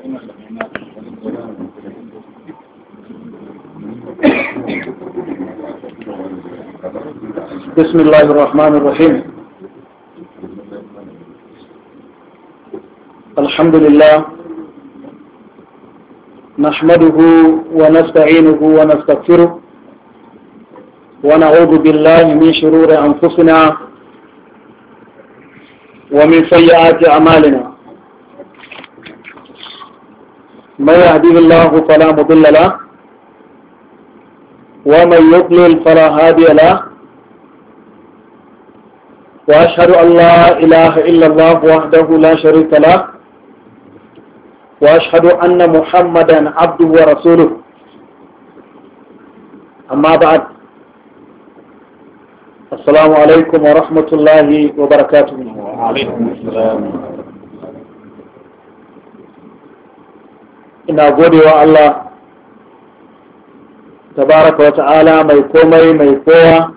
بسم الله الرحمن الرحيم الحمد لله نحمده ونستعينه ونستغفره ونعوذ بالله من شرور أنفسنا ومن سيئات أعمالنا من يهديه الله فلا مضل له ومن يضلل فلا هادي له وأشهد أن لا إله إلا الله وحده لا شريك له وأشهد أن محمدا عبده ورسوله أما بعد السلام عليكم ورحمة الله وبركاته وعليكم السلام ina godewa Allah tabaraka wa ta'ala mai komai mai kowa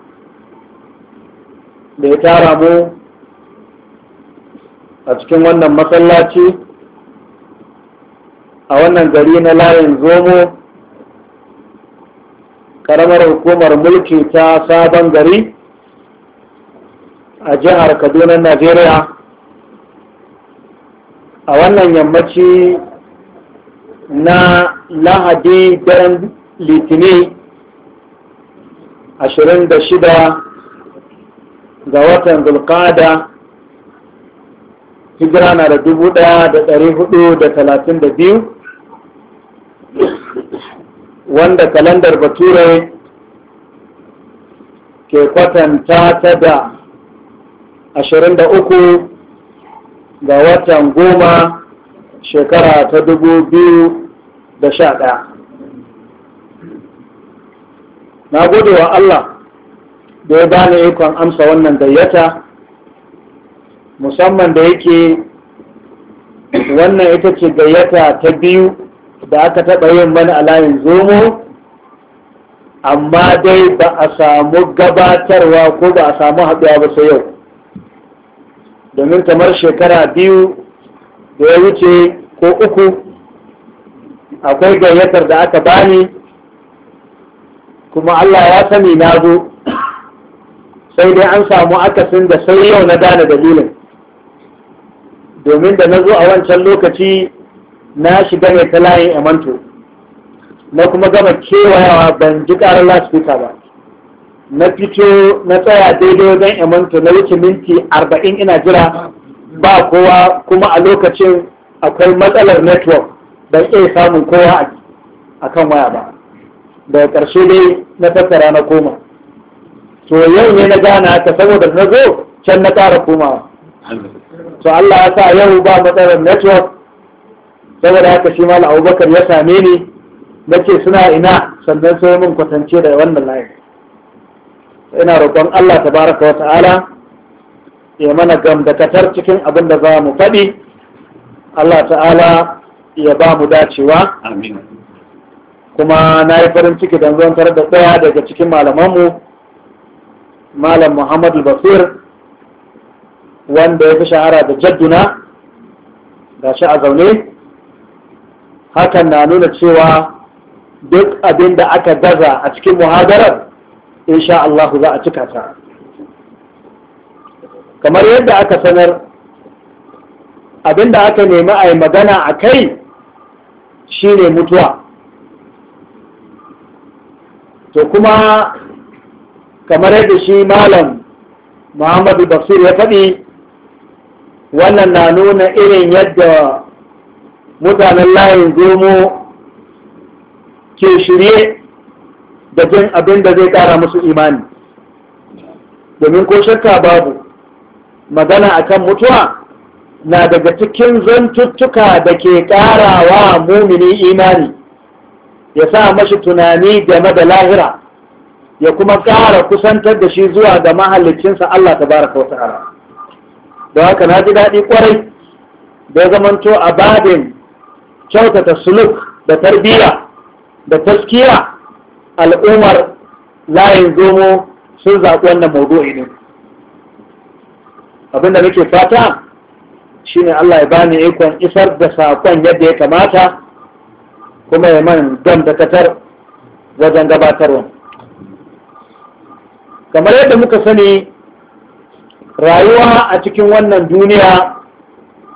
da ya tara mu a cikin wannan masallaci a wannan gari na layin zomo karamar hukumar mulki ta sabon gari a jihar kaduna najeriya a wannan yammaci na lahadi daren litini 26 ga watan zulkada hijira na da dubu ɗaya da ɗari hudu da talatin da biyu wanda kalandar bature ke kwatanta ta da ashirin da uku ga watan goma shekara ta dubu biyu da sha ɗaya na gode wa Allah da ya bani ikon amsa wannan gayyata musamman da yake wannan ita ce gayyata ta biyu da aka taɓa yin mani a layin zomo amma dai ba a samu gabatarwa ko ba a samu haɗuwa ba sai yau domin kamar shekara biyu da ya wuce ko uku akwai gayyatar da aka bani kuma Allah ya sani na zo sai dai an samu akasin da sai yau na gane dalilin domin da na zo a wancan lokaci na shiga ne ta layin amanto na kuma gama kewayawa ban ji ƙarar lasfika ba na fito na tsaya daidai wajen emanto na wuce minti arba'in ina jira ba kowa kuma a lokacin akwai matsalar network don iya samun kowa a kan waya ba daga ƙarshe dai na tattara na koma so yau ne na gana ta saboda na zo can na ƙara komawa so Allah ya sa yau ba matsalar network saboda haka shi mala abubakar ya same ni na ce suna ina sannan sai mun kwatance da wannan layin ina roƙon Allah baraka wa ta'ala ya mana gamdakatar cikin abin da za mu faɗi Allah ta'ala ya ba mu dacewa kuma na yi farin ciki don da tsaya daga cikin malamanmu malam muhammadu basir wanda ya fi shahara da jadduna ga shi a zaune hakan na nuna cewa duk abin da aka gaza a cikin muhadarar insha Allah za a cika ta kamar yadda aka sanar Abin da aka nemi a yi magana a kai shi ne mutuwa to kuma kamar yadda shi malam muhammadu basir ya faɗi wannan na nuna irin yadda mutanen layin zomo ke shirye da jin abin da zai ƙara musu imani domin ko shakka babu magana akan mutuwa na daga cikin zantuttuka da ke ƙarawa mumini imani ya sa mashi tunani game da lahira ya kuma ƙara kusantar da shi zuwa ga mahallicinsa Allah ta baraka wa ta'ala da haka na ji daɗi ƙwarai da ya zamanto a babin kyautata suluk da tarbiyya da taskiya al'ummar layin zomo sun zaɓi wannan maudu'i ne abinda nake fata ne Allah ya bani ikon isar da sakon yadda ya kamata kuma ya man don dakatar wajen gabatarwa kamar yadda muka sani rayuwa a cikin wannan duniya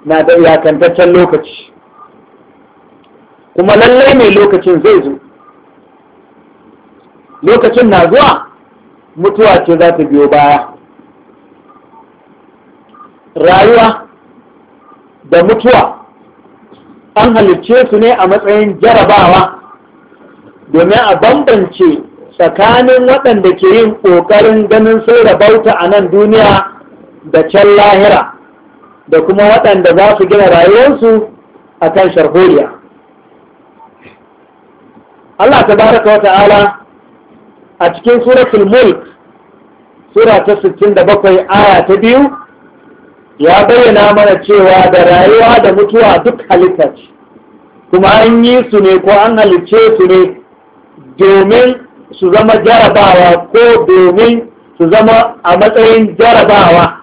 na da iyakantaccen lokaci kuma lallai mai lokacin zai zo lokacin na zuwa mutuwa ce za ta biyo baya rayuwa da mutuwa an halicce su ne a matsayin jarabawa domin a bambance tsakanin waɗanda ke yin ƙoƙarin ganin sai da bauta a nan duniya da can lahira da kuma waɗanda za su gina rayuwarsu a kan sharholiya Allah ta baraka wa ta'ala a cikin suratul mulk sura ta 67 aya ta biyu ya bayyana mana cewa da rayuwa da mutuwa duk halitta ce kuma an yi su ne ko an halicce su ne domin su zama jarabawa ko domin su zama a matsayin jarabawa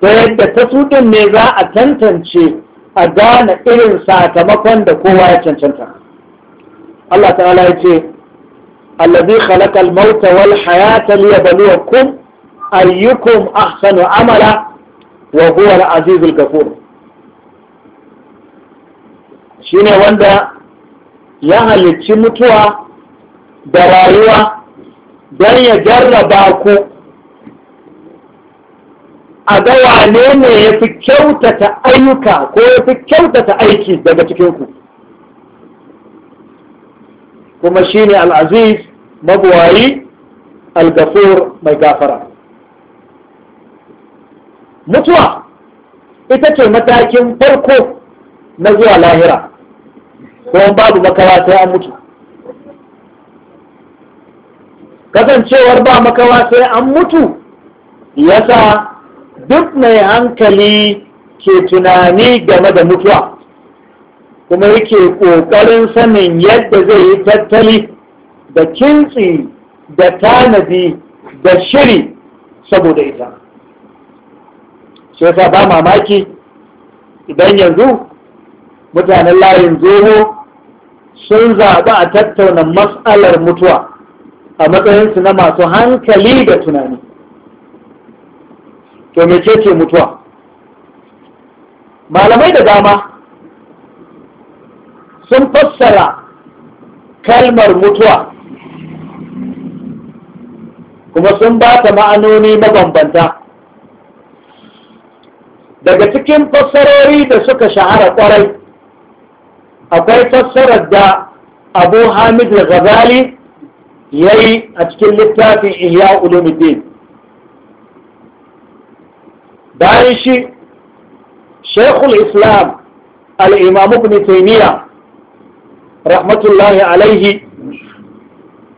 ta yadda ta sudin ne za a tantance a gane irin sakamakon da kowa ya cancanta Allah ta'ala ya ce allazi khalaqa al-mauta wal hayata liyabluwakum ayyukum ahsanu amala wa huwa al-azizul kafur shine wanda ya halicci mutuwa da rayuwa don ya jarraba ku a ga wane ne ya fi kyautata ayyuka ko ya fi kyautata aiki daga cikinku kuma shine al-aziz mabuwayi al mai gafara mutuwa ita ce matakin farko na zuwa lahira kuma babu makawa sai an mutu kasancewar ba makawa sai an mutu yasa duk mai hankali ke tunani game da mutuwa kuma yake ƙoƙarin sanin yadda zai yi tattali da kintsi da tanadi da shiri saboda ita shi yasa ba mamaki idan yanzu mutanen layin zomo sun zaɓi a tattauna matsalar mutuwa a matsayinsu na masu hankali da tunani to mece ce mutuwa malamai da dama sun fassara kalmar mutuwa kuma sun ba ta ma'anoni mabambanta daga cikin fassarori da suka shahara kwarai akwai fassarar da abu hamid al-ghazali ya yi a cikin littafin ihya ulumuddin bayan shi shekul islam al'Imamu ibn rahmatullahi alaihi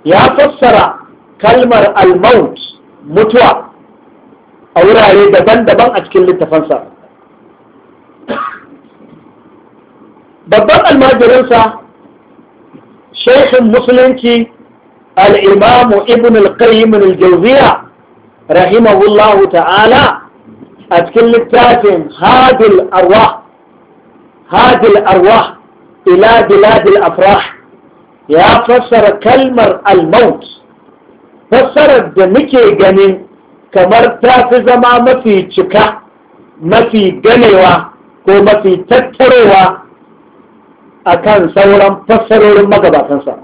ya fassara kalmar al-maut mutuwa a wurare daban-daban a cikin littafansa babban almajirinsa shaikhin musulunci al'imamu ibn al-qayyim al-jauziya rahimahullahu ta'ala a cikin littafin hadil arwa hadil arwa ila biladil afrah ya fassara kalmar al-maut fassarar da muke ganin kamar ta fi zama mafi cika mafi ganewa ko mafi tattarowa akan sauran fassarorin magabatansa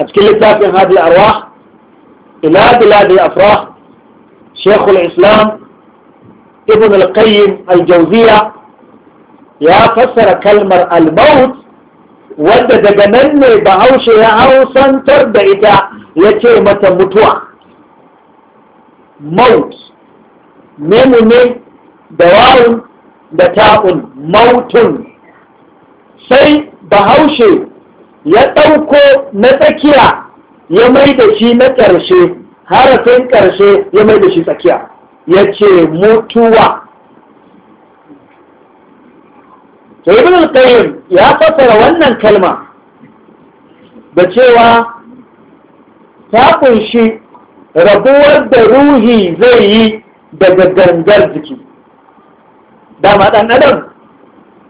a cikin littafin hadi arwa ila biladi afrah shekul islam ibn al-qayyim al-jawziya ya fassara kalmar al-maut wanda daga nan ne bahaushe ya hausantar da ita ya ce mata mutuwa maut memu ne da wawun da ta'un mautun sai bahaushe ya ɗauko na tsakiya ya mai da shi na ƙarshe harafin ƙarshe ya mai da shi tsakiya ya ce mutuwa ibn al ya fasara wannan kalma da cewa ta kunshi rabuwar da ruhi zai yi daga gangar jiki dama ɗan adam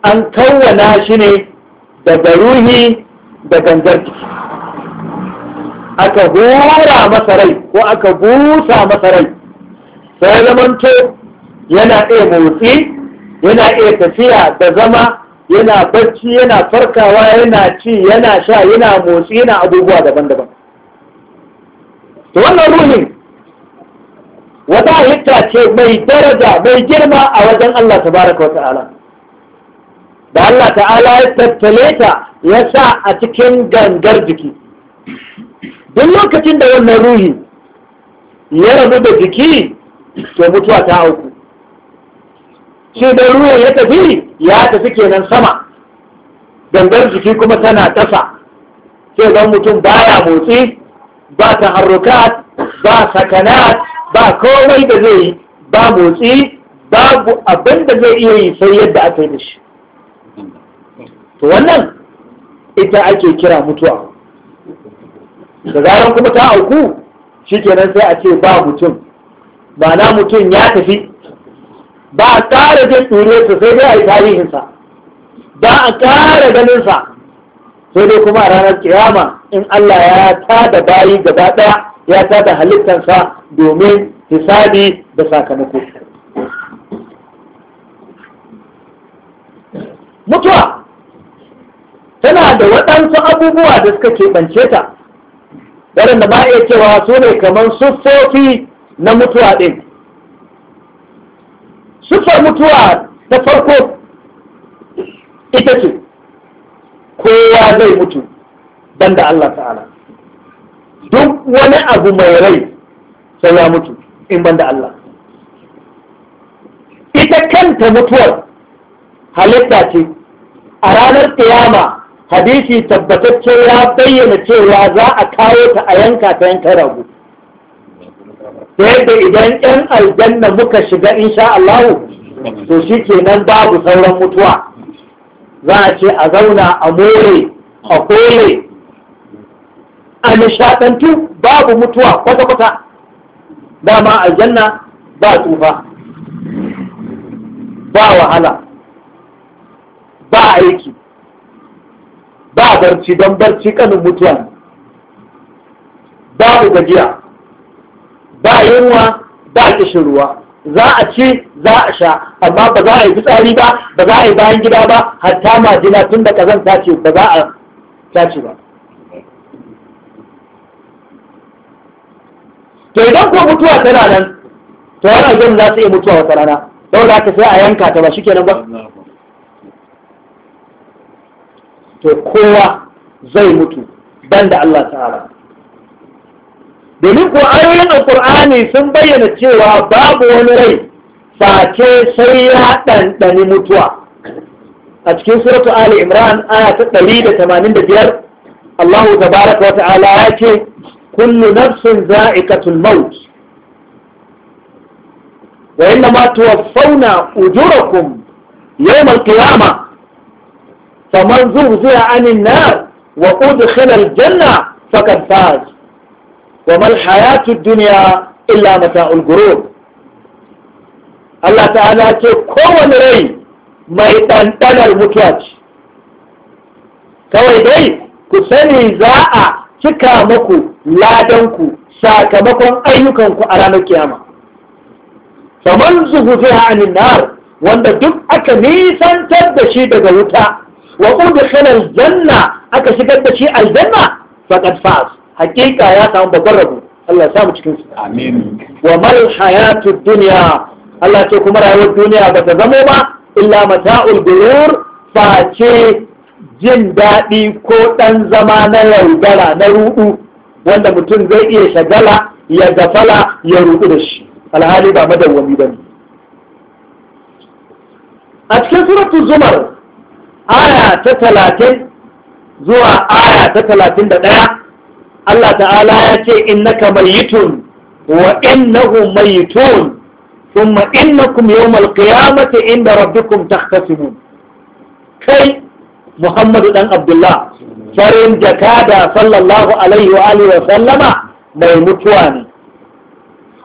an kawwana shi ne daga ruhi da gangar aka hura masarai ko aka busa masarai. rai sai zamanto yana iya motsi yana iya tafiya da zama yana bacci yana farkawa yana ci yana sha yana motsi yana abubuwa daban-daban to wannan ruhin wata halitta ce mai daraja mai girma a wajen Allah tabaraka wa ta'ala da Allah ta'ala ya tattale ta ya sa a cikin gangar jiki duk lokacin da wannan ruhi ya rabu da jiki to mutuwa ta auku shi da ruwan ya tafi ya tafi kenan sama gangar jiki kuma tana tasa sai don mutum baya motsi ba taharrukat ba sakanat ba komai da zai yi ba motsi babu abin da zai iya yi sai yadda aka yi da shi to wannan ita ake kira mutuwa da zarar kuma ta auku shi shikenan sai a ce ba mutum na mutum ya tafi ba a ƙara jin ɗuriyarsa sai dai a yi tarihinsa ba a ƙara ganinsa sai dai kuma a ranar kiyama in Allah ya tada bayi gaba ɗaya ya tada halittarsa domin hisabi da sakamako mutuwa tana da waɗansu abubuwa da suka keɓance ta waɗanda ba iya cewa su ne kamar siffofi na mutuwa ɗin siffar mutuwa ta farko ita ce kowa zai mutu banda Allah ta'ala duk wani abu mai rai sai ya mutu in banda Allah ita kanta mutuwar halitta ce a ranar ƙiyama hadisi tabbatacce ya bayyana cewa za a kawo ta a yanka ta yanka ragu ta yadda idan 'yan aljanna muka shiga insha Allah to shi kenan babu sauran mutuwa za a ce a zauna a more a kore a nishadantu babu mutuwa kwata-kwata dama aljanna ba tsufa ba wahala ba aiki ba barci don barci kanin mutuwa babu gajiya ba yunwa ba kishin ruwa za a ci za a sha amma ba za a yi fitsari ba ba za a yi bayan gida ba hatta majina tun da kazan tace ba za a tace ba to idan ko mutuwa tana nan to wani zan za su iya mutuwa wata rana za ka sai a yanka ta ba shi kenan ba to kowa zai mutu banda Allah ta'ala domin ko ayoyin alkur'ani sun bayyana cewa babu wani rai face sai ya ɗanɗani mutuwa a cikin suratu ali imran aya ta ɗari da tamanin da biyar allahu tabaraka wa ta'ala ya ce kullu nafsin za'iqatul maut wa inna ma tuwaffawna ujurakum yawmal qiyamah faman zuwa anin na wa khilal janna fakan faz wa mal hayatu duniya illa mata ghurur Allah ta'ala ce kowane rai mai ɗanɗanar mutuwa ce kawai dai ku sani za a cika muku ladanku sakamakon ayyukanku a ranar kiyama saman zuwa anin na wanda duk aka nisantar da shi daga wuta wa udkhila aljanna aka shigar da shi aljanna faqad faz hakika ya samu babbar rabo Allah ya samu cikin su amin wa mal dunya Allah ce kuma rayuwar duniya ba ta zamo ba illa mata'ul gurur face jin daɗi ko ɗan zama na yaudara na ruɗu wanda mutum zai iya shagala ya gafala ya ruɗu da shi alhali ba madawwami ba ne a cikin suratu zumar aya ta talatin zuwa aya ta talatin da ɗaya Allah ta'ala ya ce innaka mayyitun wa innahu mayyitun thumma innakum yawmal qiyamati inda rabbikum mu. kai Muhammadu dan Abdullah farin jakada sallallahu alaihi wa alihi wa sallama mai mutuwa ne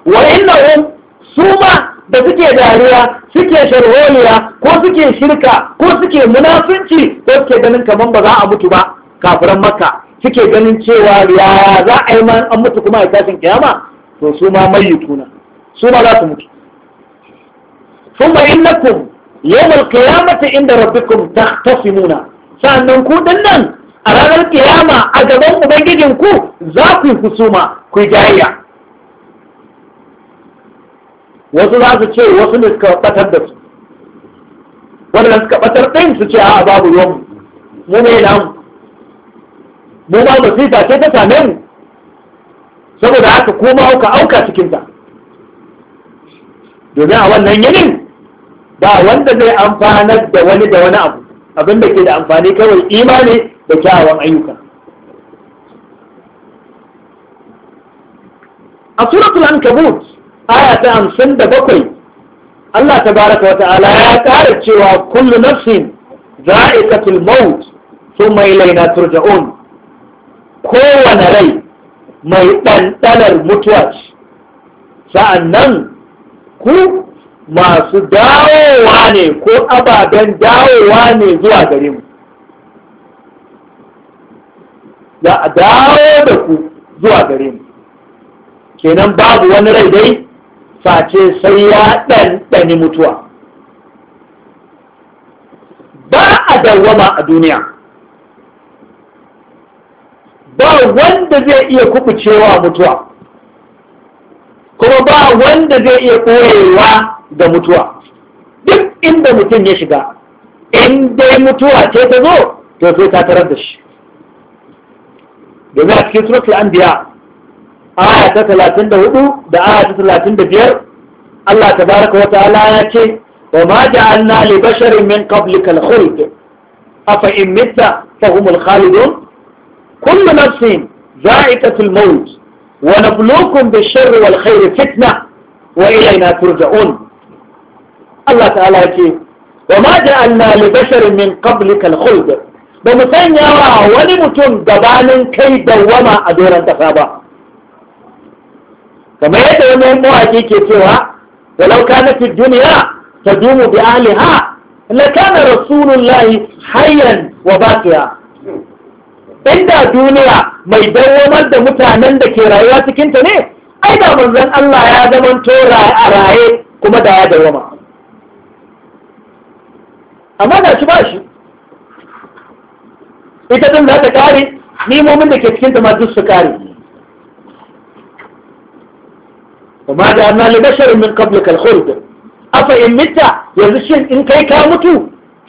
wa innahum suma da suke dariya suke sharholiya ko suke shirka ko suke munafunci ko suke ganin kamar ba za a mutu ba kafiran makka suke ganin cewa ya za a yi an mutu kuma a tashin kiyama to su ma tuna su ma za su mutu thumma innakum yawm al-qiyamati inda rabbikum tahtasimuna sannan ku dinnan a ranar kiyama a gaban ubangijinku za ku yi husuma ku yi jayayya wasu za su ce wasu ne suka batar da su wadanda suka batar ɗin su ce a babu ruwan mu ne na mu ba sita ce ta same mu saboda haka koma auka auka cikinta domin a wannan yanin ba wanda zai amfanar da wani da wani abu abin da ke da amfani kawai imani da kyawawan ayyuka a suratul ankabut aya ta hamsin da bakwai Allah ta baraka wa ta'ala ya ƙara cewa kullu nafsin za'iqatul maut thumma ilayna turja'un kowane rai mai ɗanɗanar mutuwa ce sa'annan ku masu dawowa ne ko ababen dawowa ne zuwa gare mu za a dawo da ku zuwa gare mu kenan babu wani rai dai face sai ya ɗanɗani mutuwa ba a dawwama a duniya ba wanda zai iya kubucewa mutuwa kuma ba wanda zai iya ɓoyewa da mutuwa duk inda mutum ya shiga in dai mutuwa ce ta zo to sai ta tarar da shi domin a cikin suratul anbiya aya ta talatin da hudu da aya ta talatin da biyar Allah ta baraka wa ta'ala ya ce wa ma ja'alna li basharin min qablika al-khuld afa in mitta fa hum al-khalidun kullu nafsin za'iqatu al-maut wa nabluukum bish-sharri wal-khayri fitna wa ilayna turja'un Allah ta'ala ya ce wa ma ja'alna li basharin min qablika al-khuld ba mu sanya wa wani mutum gabanin kai dawwama a doron kasa ba kamar yadda wani mawaki ke cewa walau kana fi duniya tadumu bi ahliha la kana rasulullahi hayyan wa baqiya inda duniya mai dawomar da mutanen da ke rayuwa cikin ta ne ai da manzon Allah ya zama to a raye kuma da ya dawoma amma da shi ba shi ita din za ta kare ni nimomin da ke cikin ta ma duk su kare وبعد أن لبشر من قبلك الخلد أفإن متى يزشن إن كي كامتوا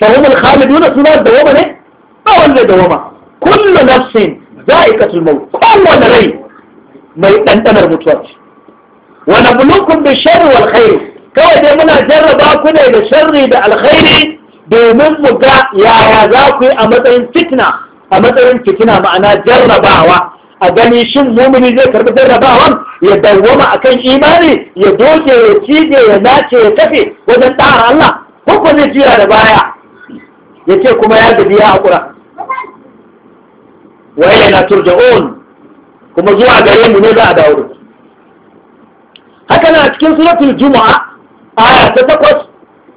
فهم الخالدون في الأرض دوما ليه؟ ما ولا دوما كل نفس ذائقة الموت كل نري ما يتنتنى المتوات ونبلوكم بالشر والخير كما دي منا جربا كنا إلى شر إلى الخير دومن مقا يا يا ذاكي أمدين فتنة أمدين فتنة معنا جربا وحي a gani shin mumini zai karɓi rabawan ya dawwama akan imani ya doke ya cije ya nace ya tafi wajen ɗara Allah ko ko zai jira da baya ya ce kuma ya gabi ya haƙura waye na turja'un kuma zuwa gare mu ne za a dawo da haka na cikin suratul juma'a aya ta takwas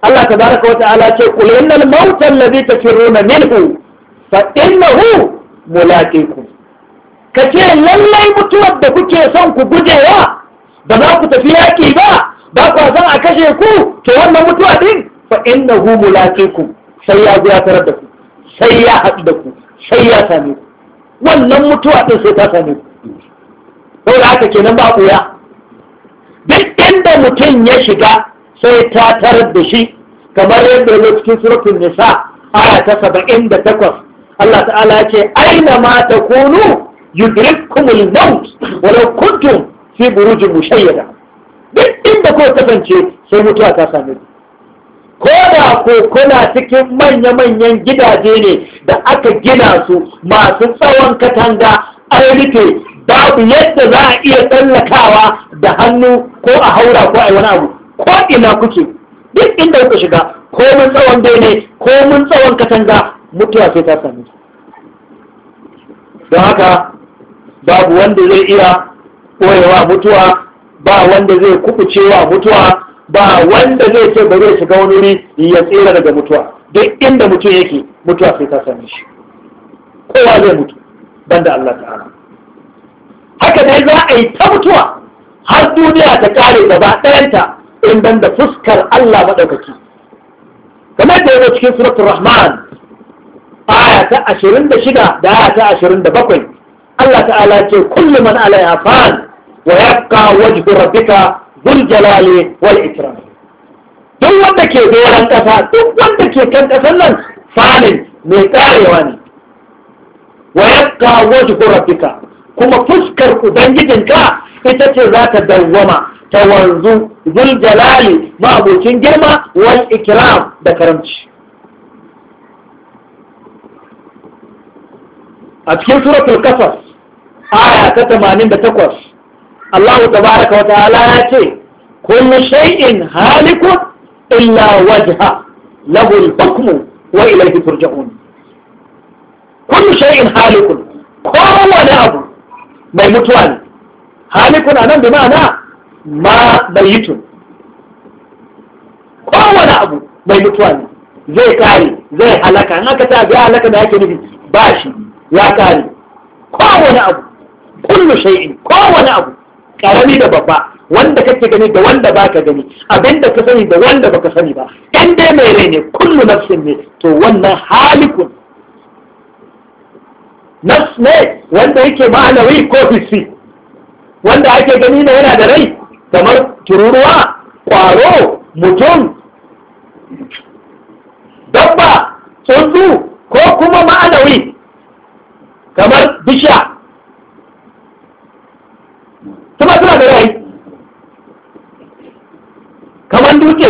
Allah Ta baraka wa ta'ala ce qul innal mauta allazi tafirruna minhu fa innahu mulaqikum ka ce lallai mutuwar da kuke son ku gujewa ba za ku tafi yaƙi ba ba kwa son a kashe ku to wannan mutuwa din fa inna hu mulaqiku sai ya zo ya tarar da ku sai ya haɗu da ku sai ya same ku wannan mutuwa din sai ta same ku da haka kenan ba ya duk inda mutum ya shiga sai ta tarar da shi kamar yadda ya cikin suratul nisa aya ta saba'in da takwas Allah ta'ala ce aina ma ta kunu yudrikkumul maut walau kuntum fi burujin mushayyada duk inda kuka kasance sai mutuwa ta same ku ko da ko kuna cikin manya-manyan gidaje ne da aka gina su masu tsawon katanga an rufe babu yadda za a iya tsallakawa da hannu ko a haura ko a wani abu ko ina kuke duk inda kuka shiga ko mun tsawon bene ko mun tsawon katanga mutuwa sai ta sami don haka babu wanda zai iya koyewa mutuwa ba wanda zai kubucewa mutuwa ba wanda zai ce ba zai shiga wani wuri ya tsira daga mutuwa duk inda mutum yake mutuwa sai ta same shi kowa zai mutu banda Allah ta'ala haka dai za a yi ta mutuwa har duniya ta kare gaba ɗayanta in da fuskar Allah maɗaukaki kamar da yanzu cikin suratul rahman aya ta 26 da aya ta 27 Allah ta'ala ce kullu man alaiha fan wa yabqa wajhu rabbika dhul jalali wal ikram duk wanda ke doran kasa duk wanda ke kan kasan nan fanin mai karewa ne wa yabqa wajhu rabbika kuma fuskar ka ita ce za ta dawwama ta wanzu dhul jalali ma abokin girma wal ikram da karamci a cikin suratul kasas aya ta tamanin da takwas Allahu tabaraka wa ta'ala ya ce kullu shay'in halikun illa wajha lahu al-hukmu wa ilayhi turja'un kullu shay'in halikun kowane abu mai mutuwa ne halikun anan bi ma'ana ma bayyitun kowane abu mai mutuwa ne zai kare zai halaka in aka ta biya halaka da yake nufi ba shi ya kare kowane abu kullu shay'in kowane abu karami da babba wanda kake gani da wanda baka gani abinda ka sani da wanda baka sani ba dan dai mai rai ne kullu nafsin ne to wannan halikun nafs ne wanda yake ma'anawi ko fisi wanda ake gani ne yana da rai kamar tururuwa kwaro mutum dabba tsuntsu ko kuma ma'anawi kamar bishiya. da yi kamar duke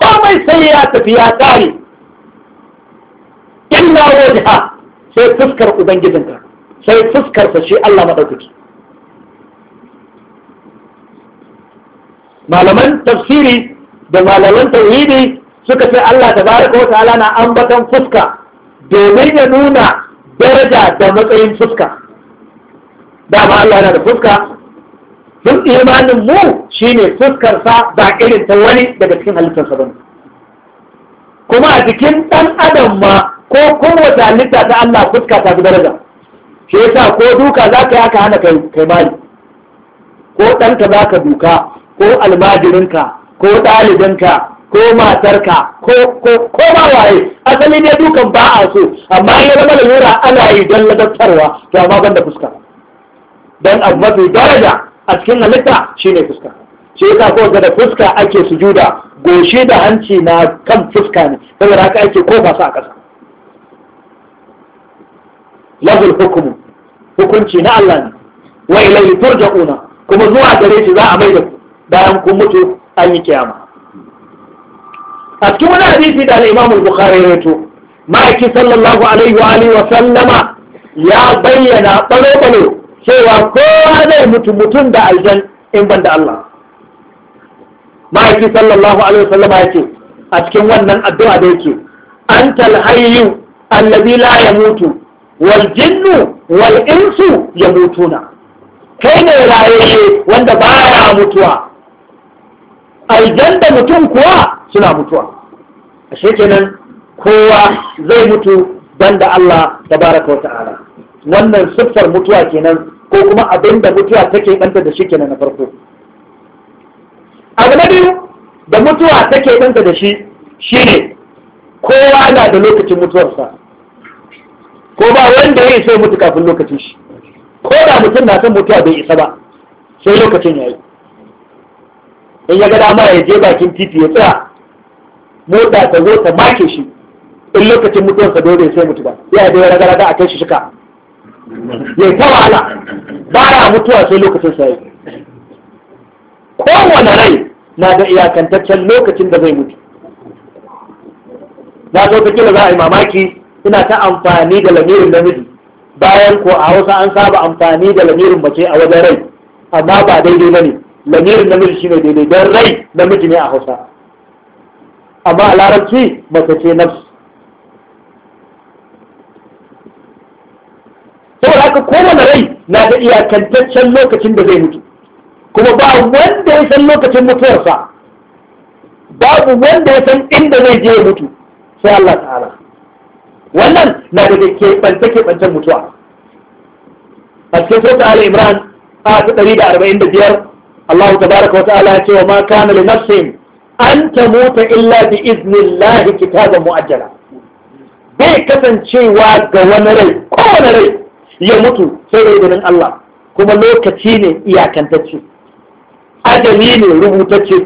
komai sai ya tafi ya tsari, na wani ha sai fuskar ubangijinka sai fuskarsa shi Allah maɗaukaki malaman tafsiri da malaman tauhidi suka ce Allah ta tabaraka wa ala na ambatan fuska domin ya nuna daraja da matsayin fuska dama Allah yana da fuska don imanin mu shine fuskarsa ba irin ta wani daga cikin halittarsa ba kuma a jikin ɗan adam ma ko kowace halitta ta Allah fuska ta fi daraja shi yasa ko duka za ka yi aka hana kai mali ko ɗanka za ka duka ko almajirinka ko ɗalibinka ko matarka ko ko waye asali ne dukan ba a so amma ya zama da yura ana yi don ladattarwa to amma ban da fuska don abu mafi daraja a cikin halitta shine fuska shi yasa ko da fuska ake sujuda goshe da hanci na kan fuska ne saboda haka ake ko su a ƙasa lahul hukumu hukunci na Allah ne wa ilayhi turja'una kuma zuwa gare shi za a mai da ku bayan kun mutu an yi kiyama a cikin wani hadisi da al-Imam bukhari ya rawaito ma'aiki sallallahu alaihi wa alihi wa sallama ya bayyana balo-balo cewa kowa zai mutu mutum da aljan in ban da Allah ma'aiki sallallahu alaihi wasallam ya ce a cikin wannan addu'a da yake an hayyu allazi la yamutu wal jinnu wal insu yamutuna kai ne rayayye wanda baya mutuwa aljan da mutum kuwa suna mutuwa ashe kenan kowa zai mutu banda Allah tabaraka wa ta'ala wannan siffar mutuwa kenan ko kuma abin da mutuwa take ɗanta da shi kenan na farko abu na biyu da mutuwa take ɗanta da shi shi ne kowa na da lokacin mutuwarsa ko ba wanda ya isa mutu kafin lokacin shi ko da mutum na son mutuwa bai isa ba sai lokacin ya yi in ya ga dama ya je bakin titi ya tsaya mota ta zo ta make shi in lokacin mutuwarsa dole sai mutu ba sai da ya ragara da a kai shi shika ya ta wahala ba ya mutuwa sai lokacin sa kowane rai na da iyakantaccen lokacin da zai mutu na zo ta kila za a yi mamaki ina ta amfani da lamirin namiji bayan ko a hausa an saba amfani da lamirin mace a wajen rai amma ba daidai ba ne lamirin namiji shine daidai don rai namiji ne a hausa amma a larabci mace ce nafsu saboda haka kowane rai na da iyakantaccen lokacin da zai mutu kuma ba wanda ya san lokacin mutuwarsa babu wanda ya san inda zai je mutu sai Allah ta'ala wannan na daga keɓance keɓancen mutuwa a cikin sota ala imran a ta ɗari da arba'in da biyar Allah ta baraka wata ala ce wa ma kana li nafsin an ta mota illa bi iznillahi kitaban mu'ajjala bai kasancewa ga wani rai kowane rai ya mutu sai da izinin Allah kuma lokaci ne iyakantacce ajali ne rubutacce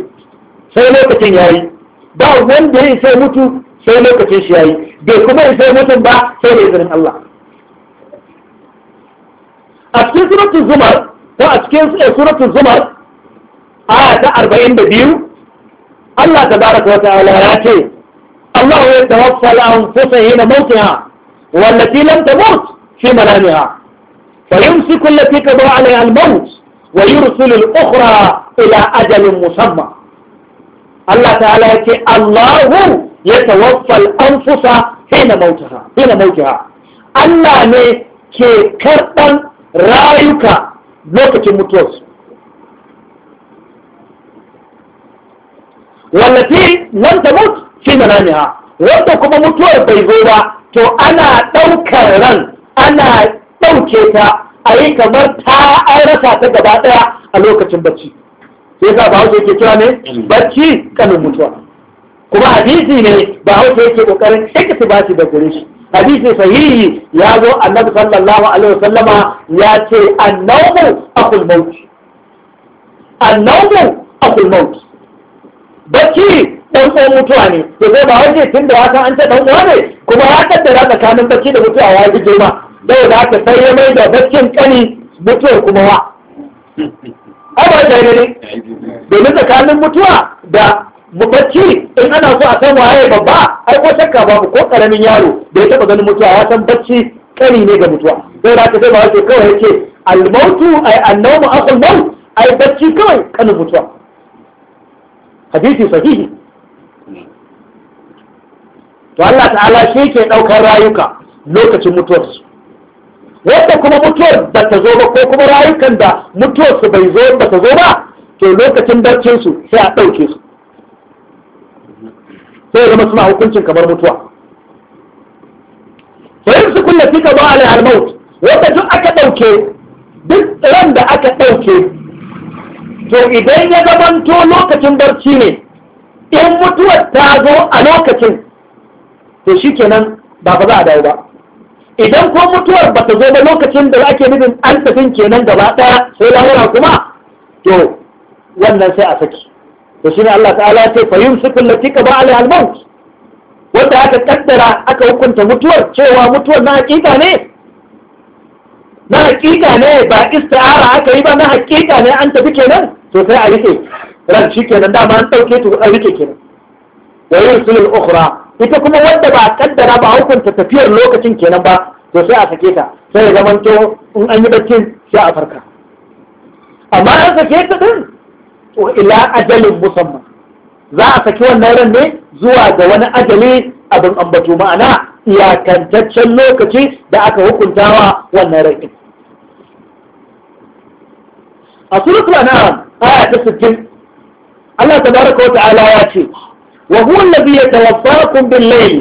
sai lokacin ya yi, ba wanda ya sai mutu sai lokacin shi ya yi, bai kuma ya sai mutum ba sai da izinin Allah a cikin suratul zumar ko a cikin eh, suratul zumar a ta arba'in da biyu, Allah ta tabaraka ta ta'ala ya ce Allah ya tawaffal anfusahina mautaha wallati lam tamut في منامها فيمسك التي قضى عليها الموت ويرسل الأخرى إلى أجل مسمى الله تعالى يقول الله يتوفى الأنفس حين موتها حين موتها الله ne ke karɓar rayuka lokacin mutuwarsu wallafi nan ta mutu shi mananiha wanda kuma mutuwar bai zo ba to ana ɗaukar ran ana ɗauke ta a yi kamar ta aurata rasa ta gaba ɗaya a lokacin bacci sai sa bahaushe yake cewa ne bacci kanin mutuwa kuma hadisi ne bahaushe yake kokarin ikiti ba shi da gare shi hadisi sahihi ya zo annabi sallallahu alaihi wasallama ya ce annawmu akul maut annawmu akul maut bacci dan uwan mutuwa ne to zai ba wajen tun da wasan an ce dan uwa ne kuma ya kaddara tsakanin bacci da mutuwa ya yi girma zai da aka sai ya mai da bakin kani mutuwar kuma wa abuwa da ne domin tsakanin mutuwa da bacci in ana so a san waye babba ai ko shakka babu ko karamin yaro da ya taba ganin mutuwa ya san bacci kani ne ga mutuwa zai da aka sai ba wace kawai yake almautu ai annawmu aqul maut ai bacci kawai kanin mutuwa hadisi sahihi to Allah ta'ala shi ke daukar rayuka lokacin mutuwarsu wanda kuma mutuwar ba ta zo ba ko kuma rayukan da mutuwar su bai zo ba ta zo ba to lokacin barcin su sai a ɗauke su sai zama suna hukuncin kamar mutuwa sai su kulle fika ba alai almaut wanda duk aka ɗauke duk ran da aka ɗauke to idan ya zamanto lokacin barci ne in mutuwar ta zo a lokacin to shikenan ba ba za a dawo ba idan ko mutuwar ba ta zo ba lokacin da ake nufin an tafin kenan gaba ɗaya sai lahira kuma to wannan sai a saki to shi ne Allah ta'ala ce fa yumsiku allati qada ba alai maut wanda aka kaddara aka hukunta mutuwar cewa mutuwar na hakika ne na hakika ne ba isti'ara aka yi ba na hakika ne an tafi kenan to sai a rike ran shi kenan dama an ɗauke to an rike kenan wa sulul ukhra ita kuma wanda ba kaddara ba hukunta tafiyar lokacin kenan ba to sai a sake ta sai ya zama to in an yi baccin sai a farka amma an sake ta din to ila ajalin musamman za a saki wannan ran ne zuwa ga wani ajali abin ambato ma'ana iyakantaccen lokaci da aka hukuntawa wannan rai a suratul an'am aya ta 60 Allah tabaraka wa ta'ala ya ce wa huwa allazi yatawaffakum bil layl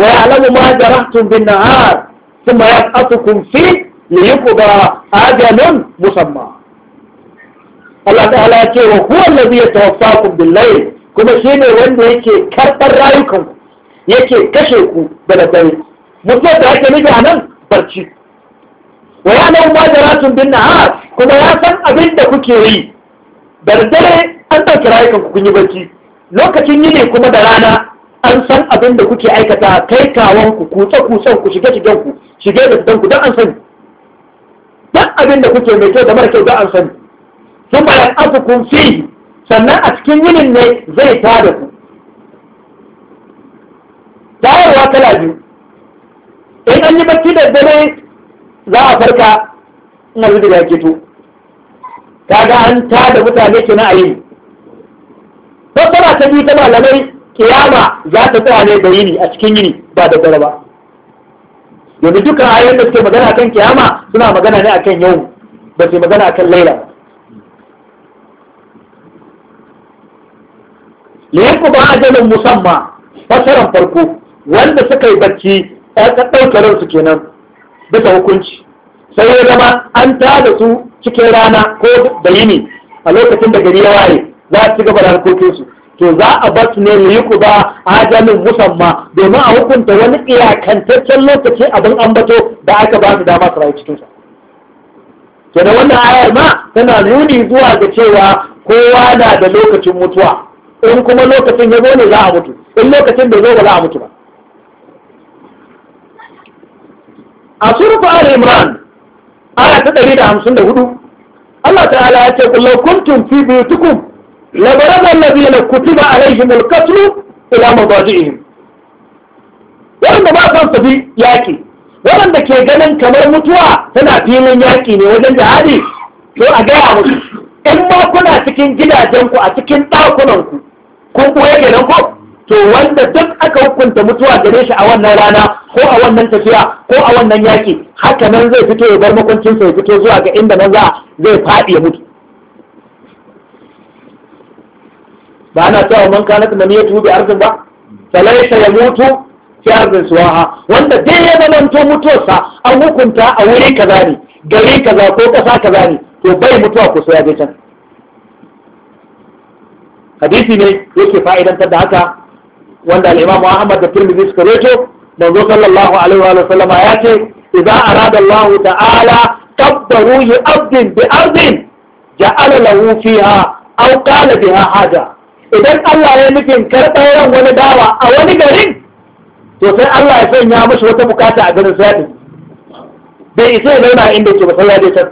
wa ya'lamu ma jarahtum bin nahar ثم يبعثكم فيه ليقضى أجل مسمى Allah ta'ala ya ce wa huwa allazi yatawaffakum bil layl kuma shine wanda yake karɓar rayukan yake kashe ku da daddare mutuwa da ake nufi a nan barci wa ya nan ma jaratun bin kuma ya san abin da kuke yi da an ɗauki rayukan ku kun yi barci lokacin yini kuma da rana an san abin da kuke aikata kai kawon ku kutse kutsen ku shige shigen ku shige da gidan ku don an sani duk abin da kuke mai kyau da mara kyau don an sani sun bayan afu kun fi sannan a cikin yinin ne zai ta da ku tayarwa kala biyu in an yi bacci da dare za a farka in arziki da ya to ga an ta da mutane ke na a yini fassara ta biyu ta malamai kiyama za ta tsaya ne da yini a cikin yini ba da dare ba domin duka ayoyin da suke magana kan kiyama suna magana ne akan yau ba su magana akan laila liyanku ba ajalin musamman fasaran farko wanda suka yi bacci ɗauke ransu kenan bisa hukunci sai ya zama an tada su cikin rana ko da yini a lokacin da gari ya waye za su ci gaba da harkokinsu to za a ba su ne mu yi kuba ba ajalin musamman domin a hukunta wani iyakantaccen lokaci abin ambato da aka ba su dama su rayu To da wannan ayar ma tana nuni zuwa ga cewa kowa na da lokacin mutuwa in kuma lokacin ya zo ne za a mutu in lokacin da zo ba za a mutu ba a surfa al-imran aya ta 154 Allah ta'ala ya ce kullu kuntum fi buyutikum لبرز الذين كتب عليهم القتل الى مضاجعهم waɗanda ba son su bi yaƙi wanda ke ganin kamar mutuwa tana filin yaƙi ne wajen jihadi to a gaya musu in ma kuna cikin gidajenku a cikin ɗakunanku kun ɓoye nan ko to wanda duk aka hukunta mutuwa gare shi a wannan rana ko a wannan tafiya ko a wannan yaƙi haka nan zai fito ya bar makwancinsa ya fito zuwa ga inda nan za zai faɗi ya mutu ba ana cewa man kanat ya bi arzin ba falaita ya mutu fi arzin suwaha wanda dai ya zamanto mutuwarsa an hukunta a wuri kaza ne gari kaza ko kasa kaza ne to bai mutuwa ko sai ya can hadisi ne yake fa'idantar da haka wanda al-Imam Ahmad da Tirmidhi suka rawaito manzo sallallahu alaihi wa sallama ya ce iza arada Allah ta'ala tabbaru li abdin bi ardin ja'ala lahu fiha aw qala biha haja idan Allah ya nufin karɓar wani dawa a wani garin to sai Allah ya sanya mashi wata bukata a garin sai bai isa ya zauna inda ke ba ya can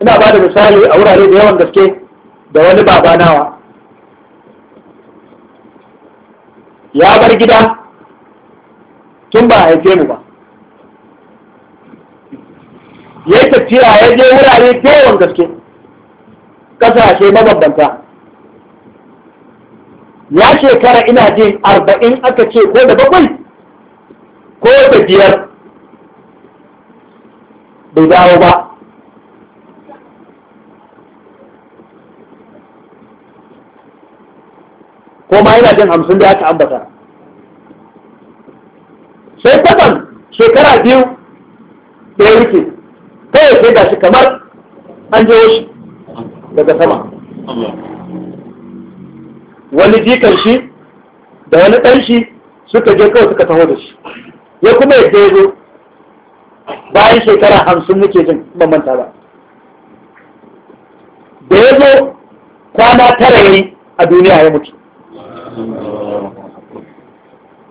ina ba da misali a wurare da yawan gaske da wani baba nawa ya bar gida tun ba a haife mu ba ya tafiya ya je wurare da yawan gaske kasashe mabambanta ya shekara ina jin arba'in aka ce ko da bakwai ko da biyar bai dawo ba ko ma yana jin hamsin da ta ambata sai takwas shekara biyu da ya wuce kawai sai ga shi kamar an je shi daga sama wani jikan shi da wani ɗan shi suka je kawai suka taho da shi ya kuma ya zo bayan shekara hamsin muke jin mamanta ba da ya zo kwana tara yayi a duniya ya mutu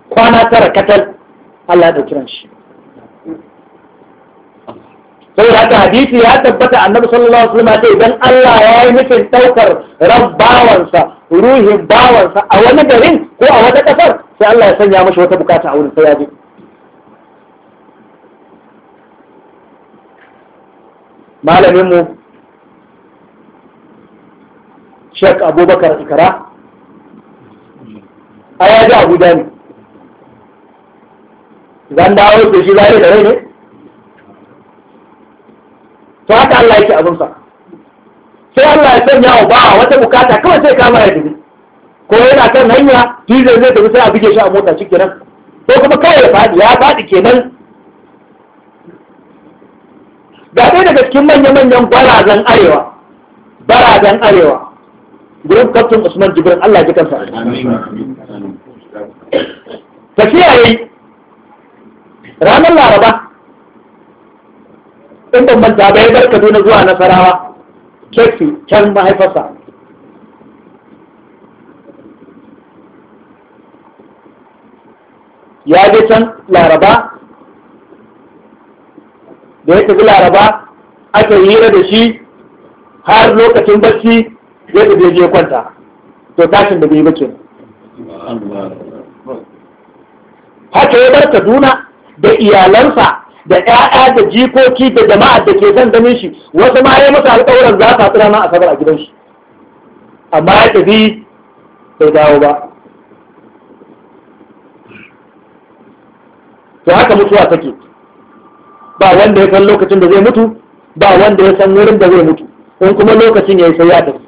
kwana tara katal Allah da kiran shi saboda haka hadisi ya tabbata annabi sallallahu alaihi wasallam ce idan Allah ya yi nufin daukar rabbawansa ruhin bawansa a wani garin ko a wata kasar sai Allah ya sanya mashi wata bukata a wurin sai ya ji malamin mu Sheikh Abubakar Ikara a ya ji Abuja ne zan dawo da shi bare da rai ne to haka Allah yake abin sa sai Allah ya sanya wa ba wata bukata kawai sai kama mara dubi ko yana kan hanya dizai zai tafi sai a buge shi a mota cikin nan. ko kuma kawai ya faɗi ya faɗi kenan ga dai daga cikin manya-manyan barazan arewa barazan arewa gurin kaftin usman Jibril allah ji kansa ta kiyaye ranar laraba in ban manta ba ya bar Kaduna zuwa Nasarawa kefi can mahaifarsa ya je can laraba da ya tafi laraba aka hira da shi har lokacin barci ya tafi je kwanta to tashin da bai bakin haka ya bar kaduna da iyalansa da ƴaƴa da jikoki da jama'a da ke son ganin shi wasu ma ya masa alƙawuran za ta tsira ma a sabar a gidan shi amma ya tafi bai dawo ba to haka mutuwa take ba wanda ya san lokacin da zai mutu ba wanda ya san wurin da zai mutu in kuma lokacin ya yi sai ya tafi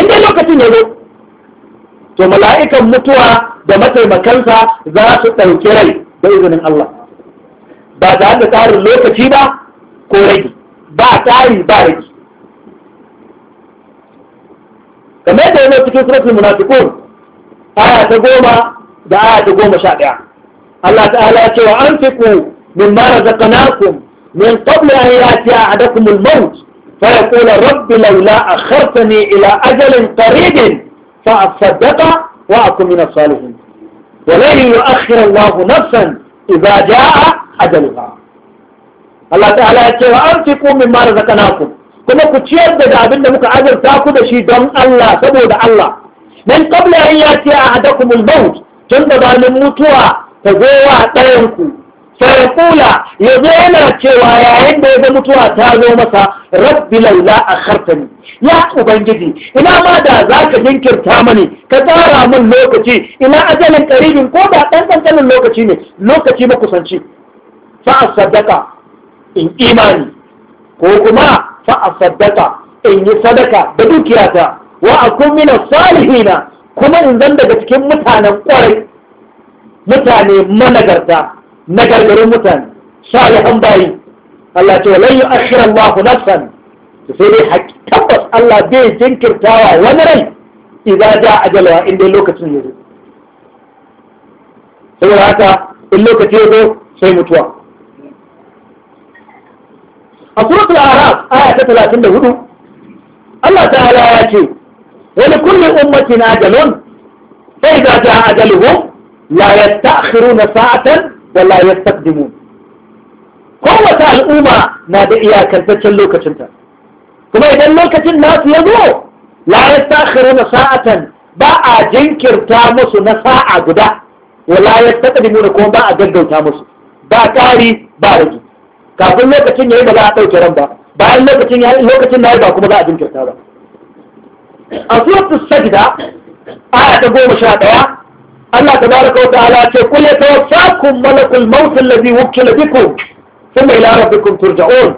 in dai lokacin ya zo to mala'ikan mutuwa da mataimakansa za su ɗauki rai da izinin Allah ba tare da tarin lokaci ba ko rage ba tsari ba rage kamar da yana cikin suratul munafiqun aya ta goma da aya ta goma sha ɗaya Allah ta'ala ya ce wa anfiqu mimma razaqnakum min qabli an yati ahadakum al-maut fa yaqulu rabbi laula akhartani ila ajalin qaribin فأصدق وأكن من الصالحين ولن يؤخر الله نفسا إذا جاء أجلها Allah ta'ala ya ce wa anfiqu mimma razaqnakum kuma ku ciyar da abin da muka azurta ku da shi don Allah saboda Allah dan qabla an a ahadakumul maut tun da mutuwa ta gowa ɗayan ku sai ya yazo yana cewa yayin da ya ga mutuwa ta zo masa rabbi Laila laula akhartani ya ubangiji ina ma da za ka jinkirta mani ka tsara min lokaci ina ajalin karibin ko da ɗan ƙanƙanin lokaci ne lokaci makusanci fa'a sadaka in imani ko kuma fa'a sadaka in yi sadaka da dukiyata wa akun mina salihina kuma in zan daga cikin mutanen kwarai mutane managarta nagargarin mutane salihan bayi Allah ce lai yu'akhir Allah nafsan sai dai tabbas Allah bai wa wani rai idan ja ajalawa in inda lokacin ya zo saboda haka in lokaci ya zo sai mutuwa a suratul araf aya ta hudu, Allah ta'ala ya ce wani kullum ummati na ajalun sai ga ja ajaluhu la na sa'atan da la yastaqdimun kowace al'umma na da iyakantaccen lokacinta kuma idan lokacin nasu ya zo la ya takhira na sa'atan ba a jinkirta musu na sa'a guda wala ya taqdimu da kuma ba a gaggauta musu ba ƙari ba rage kafin lokacin yayi ba za a ɗauke ran ba bayan lokacin yayi lokacin nayi ba kuma za a jinkirta ba a suratul sajda aya ta goma sha ɗaya Allah tabaraka wa ta'ala ce kul yatawaffakum malakul maut alladhi wukila bikum thumma ila rabbikum turja'un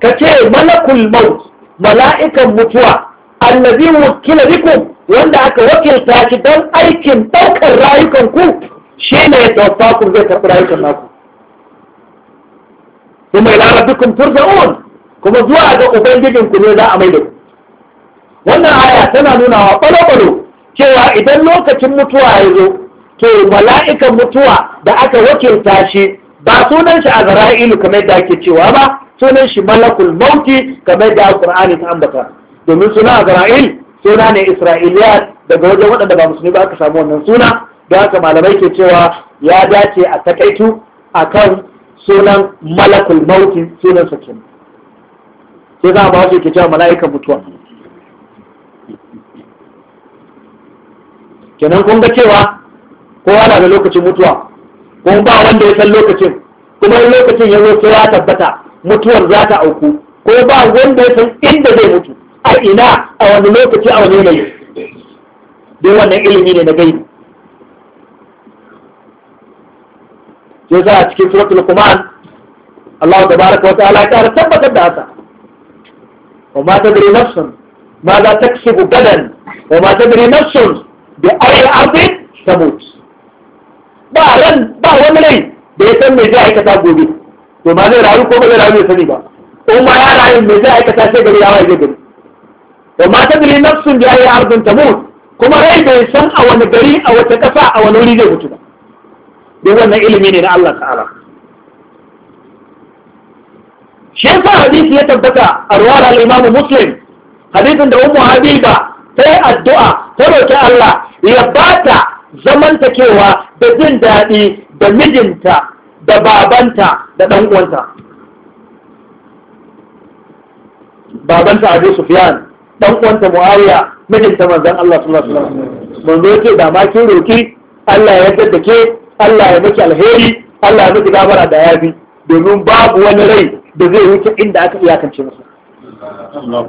kace malakul maut mala'ikan mutuwa allazi wakila bikum wanda aka wakilta shi don aikin ɗaukar rayukan ku shi ne ya tawaffa ku zai karɓi rayukan naku kuma ila rabbikum turja'un kuma zuwa ga ubangijin ku ne za a maida ku wannan aya tana nuna wa balo cewa idan lokacin mutuwa ya zo to mala'ikan mutuwa da aka wakilta shi ba sunan shi a zara'ilu kamar yadda ake cewa ba sunan shi malakul mauti kamar da alqur'ani ta ambata domin suna azra'il suna ne isra'iliya daga wajen waɗanda ba musulmi ba aka samu wannan suna don haka malamai ke cewa ya dace a takaitu akan sunan malakul mauti sunan sa sai za a ba su ke cewa mala'ikan mutuwa kenan kun ga cewa kowa na da lokacin mutuwa Kun ba wanda ya san lokacin kuma lokacin ya zo sai ya tabbata mutuwar za ta auku ko ba wanda ya san inda zai mutu a ina a wani lokaci a wani yanayi dai wannan ilimi ne na gaibi sai za a cikin suratul kuman Allah da baraka wata ala da tabbatar da haka wa ma dare nafsun ma za taksibu gudanar wa ma dare nafsun bi arzik ardi tamut ba ran ba wani rai da ya san me zai aikata gobe to ba zai rayu ko ba zai rayu sani ba ko ma ya rayu me zai aikata sai gari ya waye gari to ma ta dali nafsun da yayi ardun tamut kuma rai bai san a wani gari a wata kasa a wani wuri zai mutu ba dai wannan ilimi ne na Allah ta'ala shefa hadisi ya tabbata a ruwar al-Imam Muslim hadisin da Ummu Habiba ta yi addu'a ta roki Allah ya bata zamantakewa da jin daɗi da mijinta da babanta da ɗan babanta Abu Sufyan ɗan'uwanta uwanta mijinta manzan, Allah su alaihi wasallam manzo yake da ma roki Allah ya yadda ke Allah ya miki alheri Allah ya miki gabara da yafi domin babu wani rai da zai wuce inda aka iyakance masa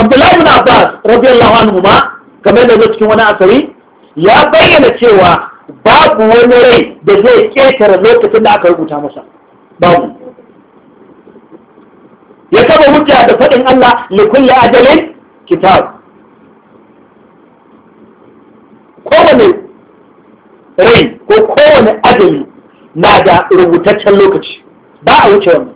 Abdullahi bin Abbas rabbi anhu ma kamar da cikin wani asari ya bayyana cewa babu wani rai da zai ƙetare lokacin da aka rubuta masa babu ya taba hujja da faɗin Allah ne kulle ajalin kitab kowane rai ko kowane ajali na da rubutaccen lokaci ba a wuce wani.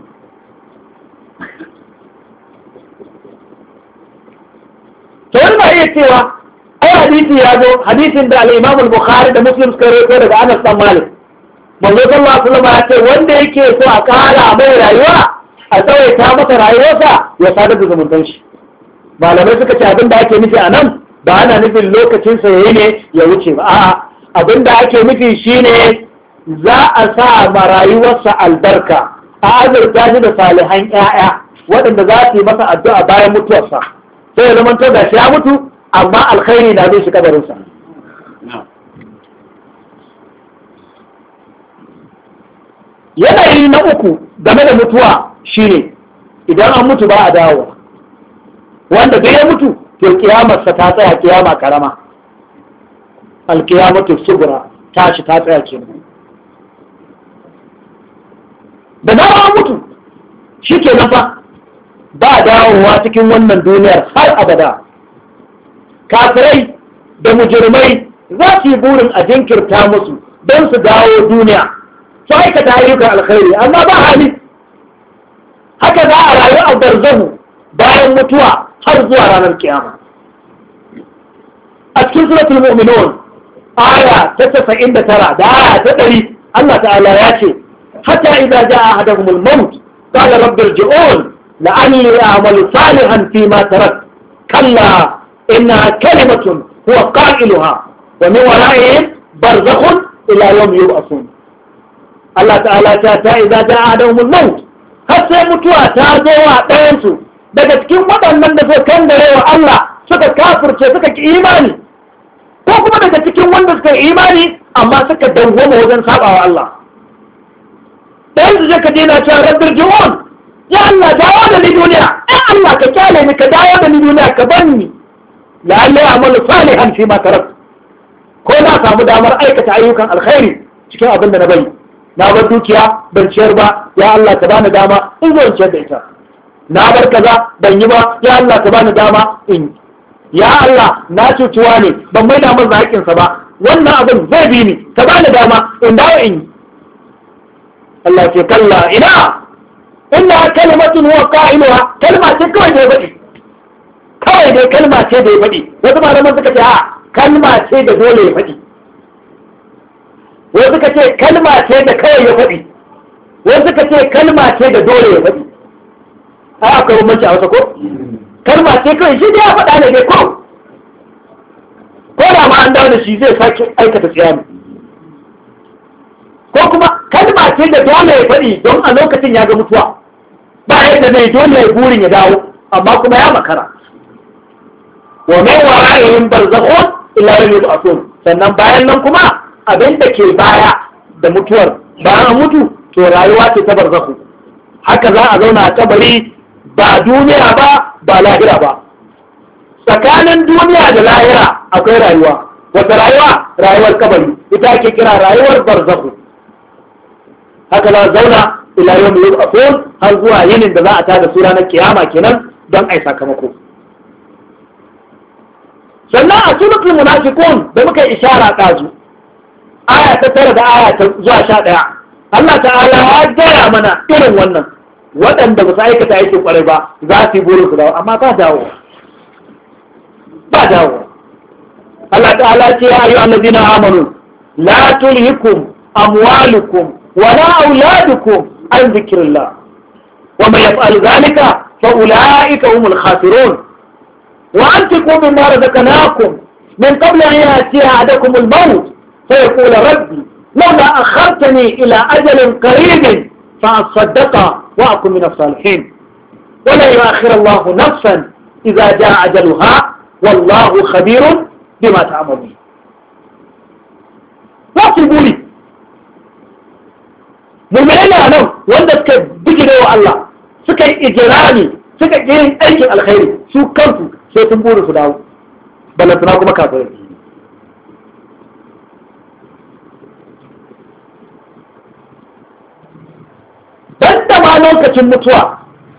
Tawar ba iya cewa hadisi ya zo hadisin da al al-Bukhari da Muslim suka rawaito daga Anas bin Malik manzo sallallahu alaihi wasallam ya ce wanda yake so a kara mai rayuwa a tsawaita masa rayuwarsa ya sadar da zumuntan shi malamai suka ce abin da ake nufi a nan ba ana nufin lokacin sa yayi ne ya wuce ba a'a abin da ake nufi shine za a sa ma rayuwarsa albarka a azurta shi da salihan 'ya'ya waɗanda za su yi masa addu'a bayan mutuwarsa sai ya zama to shi ya mutu amma alkhairi na bin shi kabarinsa yanayi na uku game da mutuwa shine idan an mutu ba a dawo wanda bai ya mutu to kiyamarsa ta tsaya kiyama karama alkiyamatu sugura tashi ta tsaya kenan da an mutu shi ke nafa ba dawowa cikin wannan duniyar har abada kafirai da mujirmai za su yi burin a jinkirta musu don su dawo duniya su aikata ayyukan alkhairi amma ba hali haka za a rayu a barzahu bayan mutuwa har zuwa ranar kiyama a cikin suratul mu'minun aya ta 99 da aya ta 100 Allah ta'ala ya ce hatta idza jaa ahaduhumul maut qala rabbi irji'un la'anni a'malu salihan fi ma tarak kalla إنها كلمة هو قائلها ومن ورائهم برزخ إلى يوم يبعثون Allah ta'ala ta ta iza da adamul har sai mutuwa ta zo wa ɗayansu daga cikin waɗannan da suka kangare wa Allah suka kafirce suka ki imani ko kuma daga cikin wanda suka imani amma suka dawwama wajen sabawa Allah ɗayan su je ka dina cewa rabbir jiwon ya Allah dawo da ni duniya ya Allah ka kyale ni ka dawo da ni duniya ka bar ni la ya amalu salihan fi ma tarak ko na samu damar aikata ayyukan alkhairi cikin abin da na bari na bar dukiya ban ciyar ba ya Allah ka bani dama in zan ciyar da ita na bar kaza ban yi ba ya Allah ka bani dama in ya Allah na cutuwa ne ban mai damar zaƙinsa ba wannan abin zai bi ni ka bani dama in dawo in Allah ce kalla ina inna kalimatun huwa qa'iluha kalma ce kawai ne ya kawai dai kalma ce da ya faɗi wasu malaman suka ce a kalma ce da dole ya faɗi wasu suka ce kalma ce da kawai ya faɗi wasu suka ce kalma ce da dole ya faɗi a akwai bambanci a wasa ko kalma ce kawai shi da ya faɗa ne dai ko ko da ma an dawo da shi zai sake aikata tsiyami ko kuma kalma ce da dole ya faɗi don a lokacin ya ga mutuwa ba yadda zai dole ya burin ya dawo amma kuma ya makara wa min wara'ihim barzakhun illa man yub'athun sannan bayan nan kuma abin da ke baya da mutuwar ba a mutu to rayuwa ce ta barzakhu haka za a zauna a kabari ba duniya ba ba lahira ba tsakanin duniya da lahira akwai rayuwa wata rayuwa rayuwar kabari ita ake kira rayuwar barzakhu haka za a zauna ila yau mai har zuwa yinin da za a tada su ranar kiyama kenan don ai sakamako sannan a suratul munafiqun da muka ishara ɗazu aya ta tara da aya ta zuwa sha ɗaya Allah ta'ala ya gaya mana irin wannan waɗanda ba su aikata aikin kwarai ba za su yi burin su dawo amma ba dawo ba dawo Allah ta'ala ce ya yi allazina amanu la tulhikum amwalukum wala auladukum an zikrillah wa man yaf'al zalika fa ulaika humul khasirun وأنفقوا مما رزقناكم من قبل أن يأتي أحدكم الموت فيقول ربي لولا أخرتني إلى أجل قريب فأصدق وأكن من الصالحين ولا يؤخر الله نفسا إذا جاء أجلها والله خبير بما تعملون واصبوا لي مؤمنين أنا وندك بجنوا الله سكي إجراني suka ƙi yin aikin alkhairi su kansu sai sun buru su dawo ballantana kuma kafirai dan da ma lokacin mutuwa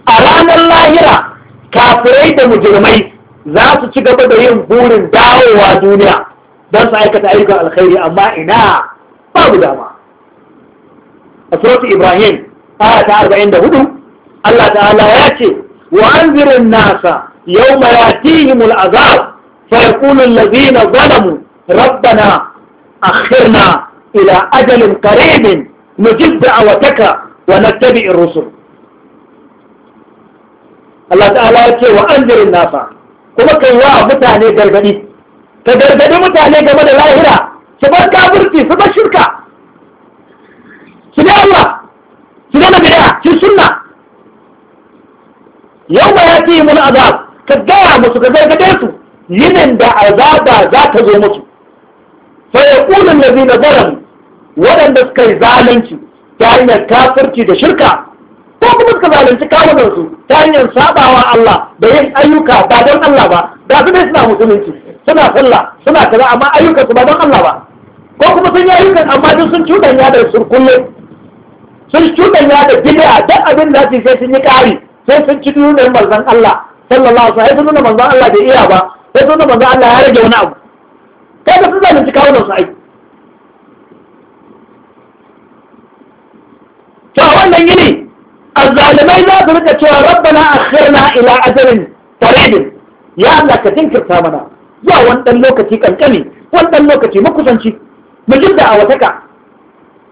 a ranar lahira kafirai da mujirmai za su ci gaba da yin burin dawowa duniya don su aikata ayyukan alkhairi amma ina babu dama a suratu ibrahim aya ta hudu, Allah ta'ala ya ce وأنذر الناس يوم يأتيهم العذاب فيقول الذين ظلموا ربنا أخرنا إلى أجل قريب نجد دعوتك ونتبع الرسل الله تعالى يقول وأنذر الناس kuma kai wa mutane gargadi ka gargadi mutane game da lahira su bar kafirci su bar shirka su ga Allah su ga nabiya su yau ba ya fi mun azab ka gaya musu ka gargade su yinin da azaba za ta zo musu sai ya ƙunin da zina zaran waɗanda suka yi zalunci ta hanyar kafirci da shirka ko kuma suka zalunci kawunansu ta hanyar sabawa Allah da yin ayyuka ba don Allah ba da su dai suna musulunci suna sallah suna kaza amma ayyukansu ba don Allah ba ko kuma sun yi ayyukan amma duk sun cuɗanya da surkulle sun cuɗanya da gida duk abin da su sai sun yi ƙari sai sun ci duniyar manzon Allah sallallahu alaihi wasallam sun nuna manzon Allah bai iya ba sai sun nuna manzon Allah ya rage wani abu kai da sun zalunci da su aiki. to a wannan yini azzalimai za su rika cewa rabbana akhirna ila ajalin qaribin ya Allah ka jinkirta mana zuwa wani dan lokaci kankani wani dan lokaci makusanci mu jin da'awataka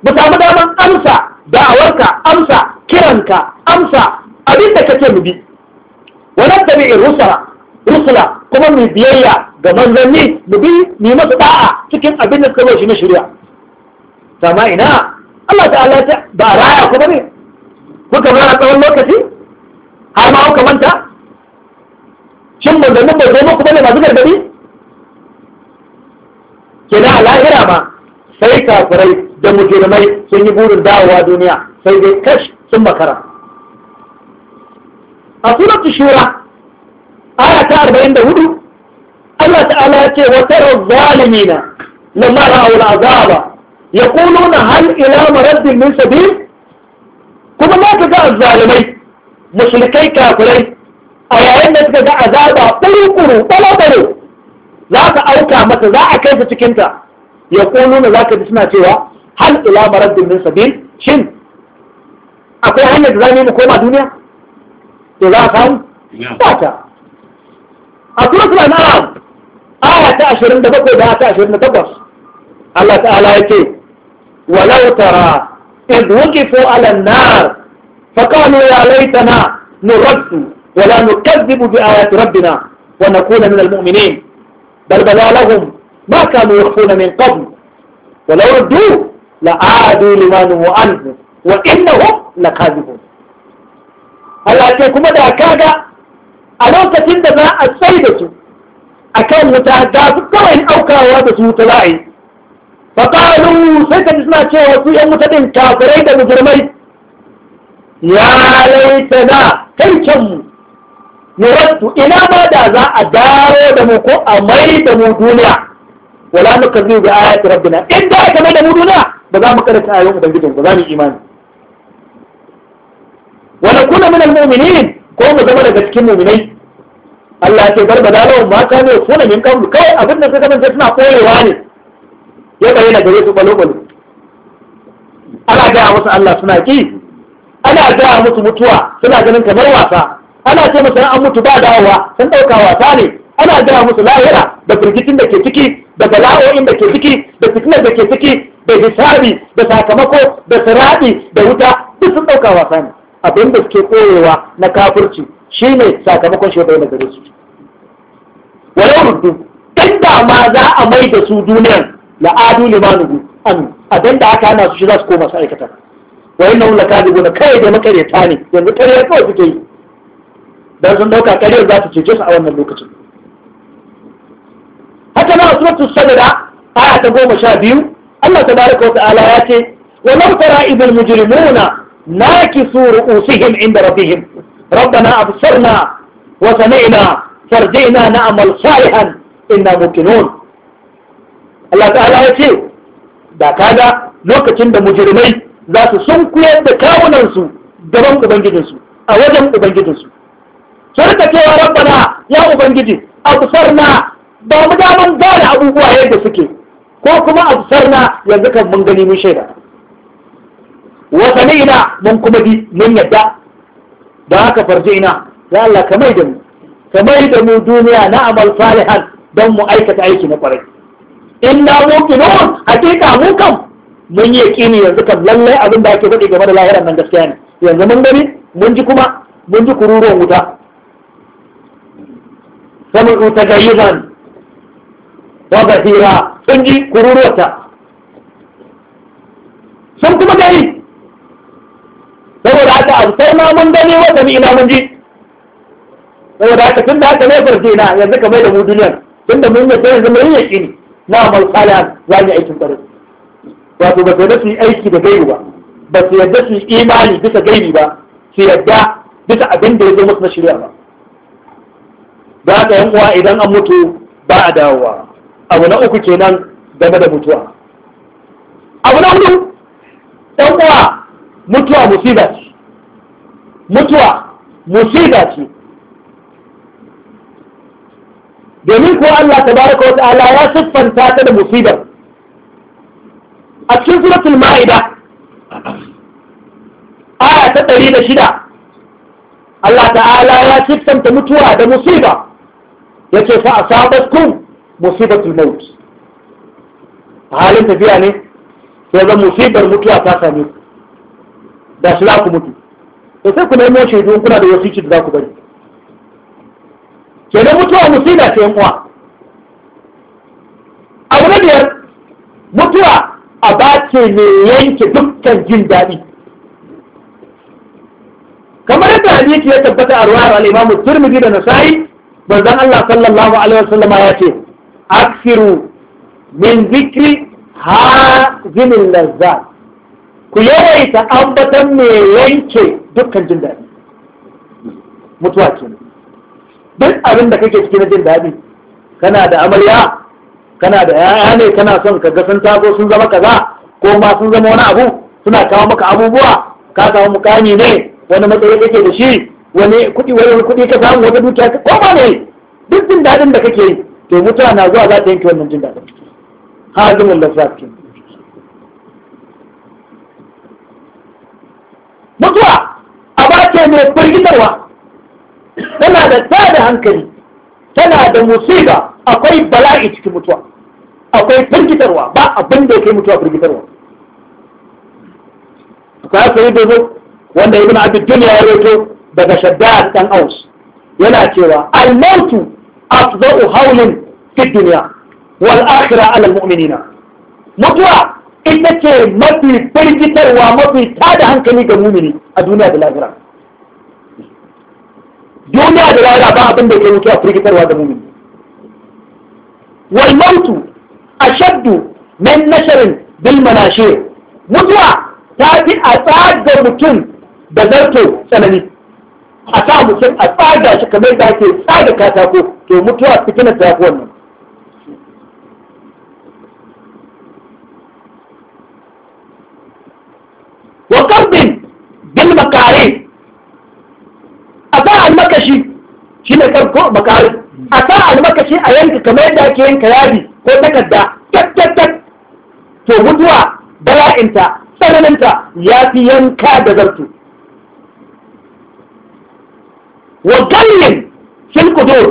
mu samu daman amsa da'awarka amsa kiranka amsa abin da kake mu bi wala tabi'ir rusula rusula kuma mu biyayya ga manzanni mu bi mu masa da'a cikin abin da suka shi na shari'a sama ina Allah ta'ala ta ba raya kuma ne kuka a tsawon lokaci har ma kuka manta shin manzannin bai zo muku bane masu gargadi kenan a lahira ma sai kafirai da mujrimai sun yi burin dawowa duniya sai dai kash sun makara a suratu shura aya ta arba'in da hudu Allah ta'ala ya ce wata zalimina lamma ya al'azaba na hal ila maraddin min sabil kuma ma ka ga azalimai mushrikai kafirai a yayin da suka ga azaba kurkuru balabalo za ka auka mata za a kai su ya ta na za ka ji suna cewa hal ila maraddin min sabil shin akwai hanyar da za mu koma duniya صلاحا باتا نعم. أقول لك أنا أعلم آية تأشر من دبك تعالى يكي ولو ترى إذ وقفوا على النار فقالوا يا ليتنا نرد ولا نكذب بآيات ربنا ونكون من المؤمنين بل بلا لهم ما كانوا يخفون من قبل ولو ردوا لعادوا لما نهوا عنه وإنهم لكاذبون Allah ce kuma da kaga a lokacin da za a sai da su a kan wuta da su kawai aukawa da su wuta za yi sai ta suna cewa su ‘yan wuta din kafirai da mujirmai ya laita na mu nurattu ina ma da za a dawo da mu ko a mai da mu duniya wala muka zai ga rabbina in da aka mai da mu duniya ba za mu karanta ayoyin ubangijin ba za mu imani wa nakuna minal mu'minin ko mu zama daga cikin mu'minai Allah ce bar balawa ba ka ne ko min kan kai abin da suka manta suna koyewa ne ya bayyana gare su balo ana gaya musu Allah suna ki ana gaya musu mutuwa suna ganin kamar wasa ana ce musu an mutu ba dawowa sun ɗauka wasa ne ana gaya musu lahira da firgitin da ke ciki da bala'o'in da ke ciki da fitinar da ke ciki da hisabi da sakamako da sirabi da wuta duk sun ɗauka wasa ne abin da suke koyewa na kafirci shine sakamakon shi bai gare su wani rudu ɗan da ma za a mai da su duniyar la'adu limanuhu an abin da aka hana su shi za su koma su aikata wa wula kaji lakadibuna kai da makareta ne yanzu kare kawai suke yi dan sun ɗauka kare za su cece su a wannan lokacin haka na suratul sadara aya ta goma sha biyu Allah ta tabaraka wa ta'ala ya ce wa lam tara idil mujrimuna Na ناكسوا رؤوسهم عند ربهم ربنا أبصرنا وسمعنا فارجعنا نعمل صالحا إنا ممكنون الله تعالى يتي da kaga lokacin da mujirmai za su sun kuyar da kawunansu gaban ubangijinsu a wajen ubangijinsu sun rika cewa rabbana ya ubangiji absarna ba mu daman gane abubuwa yadda suke ko kuma na, yanzu kan mun gani mun shaida wa sami'na mun kuma bi mun yadda da haka farji'na ya Allah ka mai da mu ka mai da mu duniya na amal salihan don mu aikata aiki na kwarai inna muqinun hakika mu kam mun yi kini yanzu kan lallai abin da ake faɗi game da lahiran nan gaskiya ne yanzu mun gani mun ji kuma mun ji kururuwan wuta sami'u tagayyuzan wa hira sun ji kururuwarta sun kuma gani saboda haka abtar ma mun gani wanda ni ina mun ji saboda haka tun da haka ne farce na yanzu ka mai da mu duniya Tunda da mun yadda yanzu mun yaki ne na amal za mu aikin kwarai wato ba su yadda su yi aiki da gairu ba ba su yadda su yi imani bisa gairi ba su yadda bisa abin da ya zo na shirya ba Ba ka yan uwa idan an mutu ba a dawowa abu na uku kenan game da mutuwa abu na hudu yan uwa mutuwa musiba ce mutuwa musiba ce domin ko Allah ta bari wa ta'ala ya siffanta ta da musibar a cikin suratul ma'ida aya ta ɗari da shida Allah ta'ala ya siffanta mutuwa da musiba ya ce fa asabatkum musibatul maut halin tafiya ne sai zan musibar mutuwa ta same ku da su za ku mutu to sai ku nemo don kuna da wasu da za ku bari Ke kenan mutuwa musiba ce yan uwa abu na biyar mutuwa a bace ne yanke dukkan jin daɗi kamar yadda hadisi ya tabbata a ruwayar al turmi Tirmidhi da Nasa'i manzon Allah sallallahu alaihi wasallam ya ce aksiru min ha hazimil lazzat ku yawaita ambatan mai yanke dukkan jin daɗi mutuwa ke duk abin da kake ciki na jin daɗi kana da amarya kana da yaya ne kana son ka ga sun taso sun zama kaza ko ma sun zama wani abu suna kawo maka abubuwa ka samu mukami ne wani matsayi kake da shi wani kuɗi wani kuɗi ka samu wata dukiya ko ma ne duk jin daɗin da kake yi to mutuwa na zuwa za ta yanke wannan jin daɗin hazimin lissafi mutuwa a bace mai firgitarwa tana da tada hankali tana da musiba akwai bala'i cikin mutuwa akwai firgitarwa ba abin da ya mutuwa firgitarwa ka sai da wanda ibn abi dunya ya roto daga shaddad dan aus yana cewa al-mautu afdau hawlin fi dunya wal akhirah al-mu'minina mutuwa ita ce mafi firgitarwa mafi tada hankali ga mumini a duniya da lahira duniya da lahira ba abin da ke a firgitarwa ga mumini wal mautu ashaddu min nasharin bil mutuwa ta fi a tsada mutum da zarto tsanani a sa mutum a tsada shi kamar da ake tsada katako to mutuwa fitina ta fi wannan wa karbin bil makare a sa almakashi shi ne karko makare a sa almakashi a yanka kamar yadda ake yanka yadi ko takarda tak tak tak to mutuwa bala'inta tsananinta ya fi yanka da zartu wa gallin fil kudur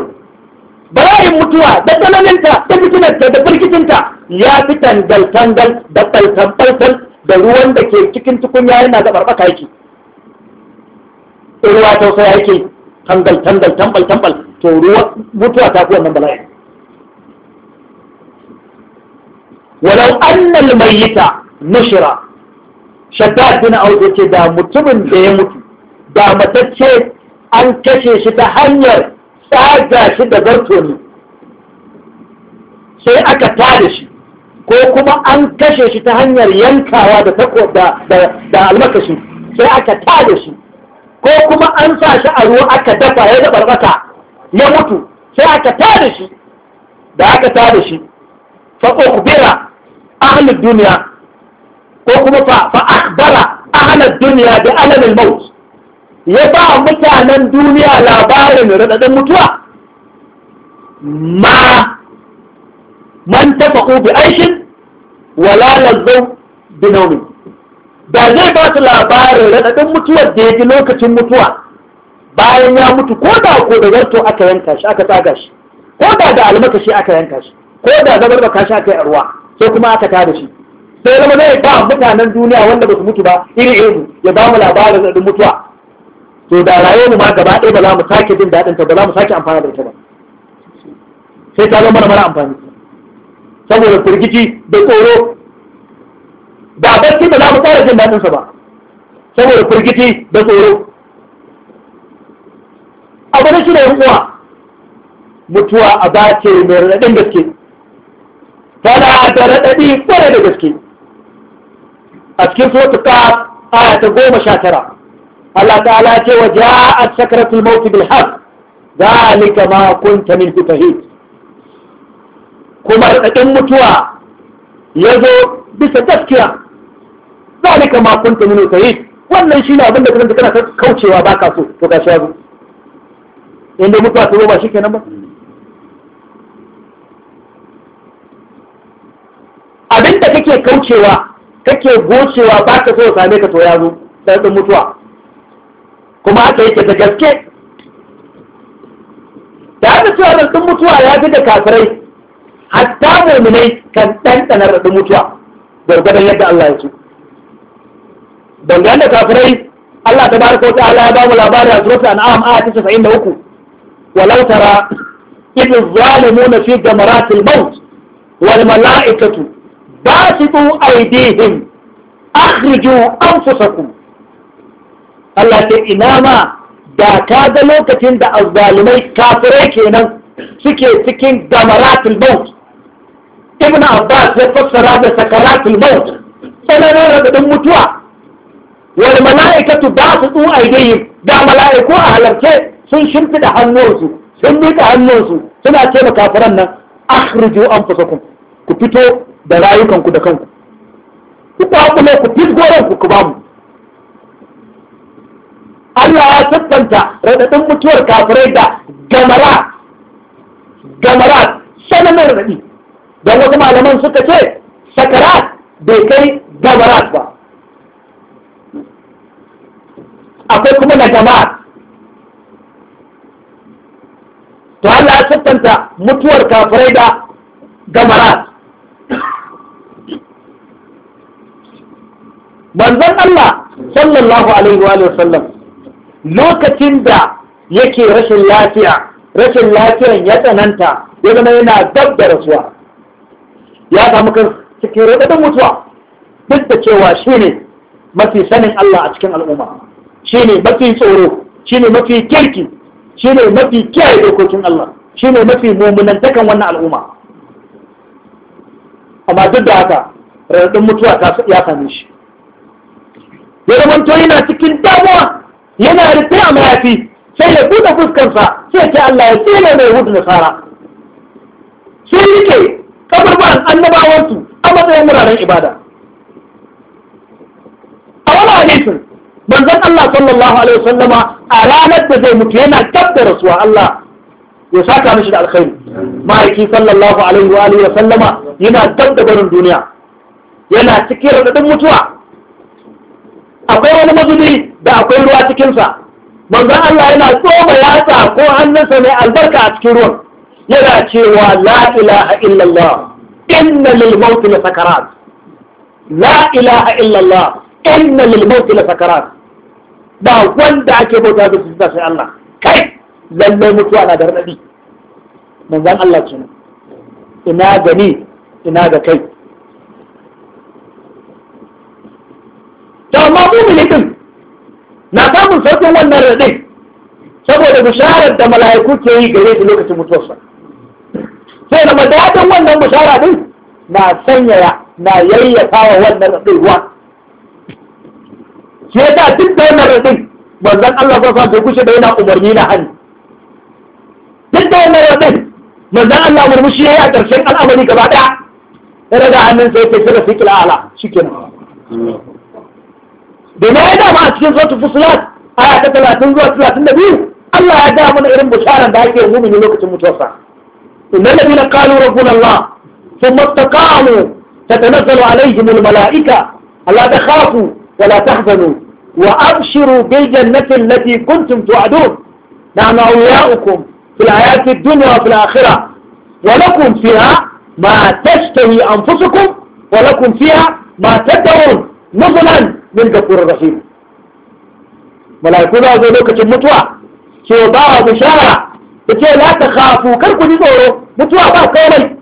bala'in mutuwa da tsananinta da fitinarta da firgitinta ya fi tangal tangal da falsan falsan da ruwan da ke cikin tukunya yana da barbaka yake ruwa tausaya yake tambal tambal tambal tambal to ruwa mutuwa ta fi wannan bala'i walau annal mayyita nushira shaddad bin auzu ce da mutumin da ya mutu da matacce an kashe shi ta hanyar tsaga shi da zarto ne sai aka tada shi ko kuma an kashe shi ta hanyar yankawa da da almakashi sai aka tada shi ko kuma an sa shi a ruwa aka dafa ya zabarbata ya mutu sai aka tada shi da aka tada shi fa ukhbira ahlud duniya, ko kuma fa fa akhbara ahlud dunya bi alam al maut ya ba mutanen duniya labarin radadin mutuwa ma man tafaku bi aishin wala lazau bi naumin da zai ba su labarin raɗaɗin mutuwar da ya ji lokacin mutuwa bayan ya mutu ko da ko da zarto aka yanka shi aka tsaga shi ko da da almakashi aka yanka shi ko da zabar baka shi aka yi arwa sai kuma aka tada shi sai zama zai ba mutanen duniya wanda ba su mutu ba iri iri ya ba mu labarin raɗaɗin mutuwa to da rayuwar mu ma gaba ɗaya ba za mu sake jin daɗin ta ba za mu sake amfana da ita ba sai ta zama mara amfani saboda firgici da tsoro da barci ba za mu tsara jin daɗinsa ba saboda firgici da tsoro abu na shi da yankuwa mutuwa a bace mai raɗaɗin gaske tana da raɗaɗi kwarai da gaske a cikin sotu ka aya ta goma sha tara Allah ta'ala ce wa ja'at sakratul maut bil haqq zalika ma kunta min tutahid kuma raɗaɗin mutuwa ya zo bisa gaskiya zalika makon ta min sayyid wannan shi ne abin da kanta kana kaucewa ba ka so to ga shi yazo inda mutuwa ta zo ba kenan ba abin da kake kaucewa kake gocewa ba ka so same ka to ya zo da mutuwa kuma haka yake da gaske Ta haka cewa da mutuwa ya fi da kafirai hatta mu'minai kan ɗanɗana raɗin mutuwa Gargadon yadda Allah ya so dangane da kafirai Allah ta baraka wa ta'ala ya ba mu labari a suratul an'am aya ta 73 walau tara idh zalimuna fi gamaratil maut wal mala'ikatu basitu aydihim akhriju anfusakum Allah ta ina ma da ta ga lokacin da azzalimai kafirai kenan suke cikin gamaratul maut ibn abbas ya fassara da sakaratul maut tsananin radadin mutuwa wal mala'ikatu ba su basutu aydihim da mala'iku a halarce sun da hannunsu sun miƙa hannunsu suna ce makafiran nan an anfusakum ku fito da rayukanku da kanku ku kwakulo ku fisgo ranku ku bamu Allah ya siffanta radadin mutuwar kafirai da gamara gamara sananin radadi don wasu malaman suka ce sakarat bai kai gabarat ba akwai kuma na jama'a to Allah ya sattanta mutuwar kafirai da gabarat manzon Allah sallallahu alaihi wa sallam lokacin da yake rashin lafiya rashin lafiyan ya tsananta ya zama yana dab da rasuwa ya samu kan cikin raɗaɗin mutuwa duk da cewa shi ne mafi sanin Allah a cikin al'umma shi ne mafi tsoro shi ne mafi kirki shi ne mafi kiyaye dokokin Allah shi ne mafi mummunantakan wannan al'umma amma duk da haka raɗaɗin mutuwa ya same shi ya to yana cikin damuwa yana rufe a mayafi sai ya buɗe fuskarsa sai ce Allah ya tsere mai hudu nasara sai yake kaburban annabawansu a matsayin wuraren ibada a wani hadisin manzon Allah sallallahu alaihi wasallama a ranar da zai mutu yana da rasuwa Allah ya saka mishi da alkhairi ma'aiki sallallahu alaihi wa alihi wasallama yana tabbar barin duniya yana cikin radadin mutuwa akwai wani mazubi da akwai ruwa cikinsa manzon Allah yana tsoma yatsa ko hannunsa mai albarka a cikin ruwan yana cewa la ilaha illallah inna lil maut la sakarat la ilaha illallah inna lil maut la sakarat ba wanda ake bauta da su sai Allah kai lalle mutuwa na da radadi manzon Allah kenan ina gani ina ga kai da amma mumini din na samun sauƙin wannan radin saboda bisharar da mala'iku ke yi gare shi lokacin mutuwarsa sai da madadin wannan musara din na sanyaya na yayyata wa wannan rabuwa shi ya sa duk da wannan raɗin wannan Allah sa sa bai kushe da yana umarni na hali duk da wannan raɗin wannan Allah murmushi ya yi a ƙarshen al'amari gaba ɗaya ya daga hannun sai ya shiga cikin ala shi Da domin ya dama a cikin sautu fusulat a ta talatin zuwa talatin da biyu Allah ya damu na irin bisharar da ake mumini lokacin mutuwarsa إن الذين قالوا ربنا الله ثم استقاموا تتنزل عليهم الملائكة ألا تخافوا ولا تحزنوا وأبشروا بالجنة التي كنتم توعدون نعم أولياؤكم في الحياة الدنيا وفي الآخرة ولكم فيها ما تشتهي أنفسكم ولكم فيها ما تدعون نزلا من كفور الرحيم ملائكة هذا لوكة المتوى سوى بشارة ya ce la ta khafu kar ku ji tsoro mutuwa ba komai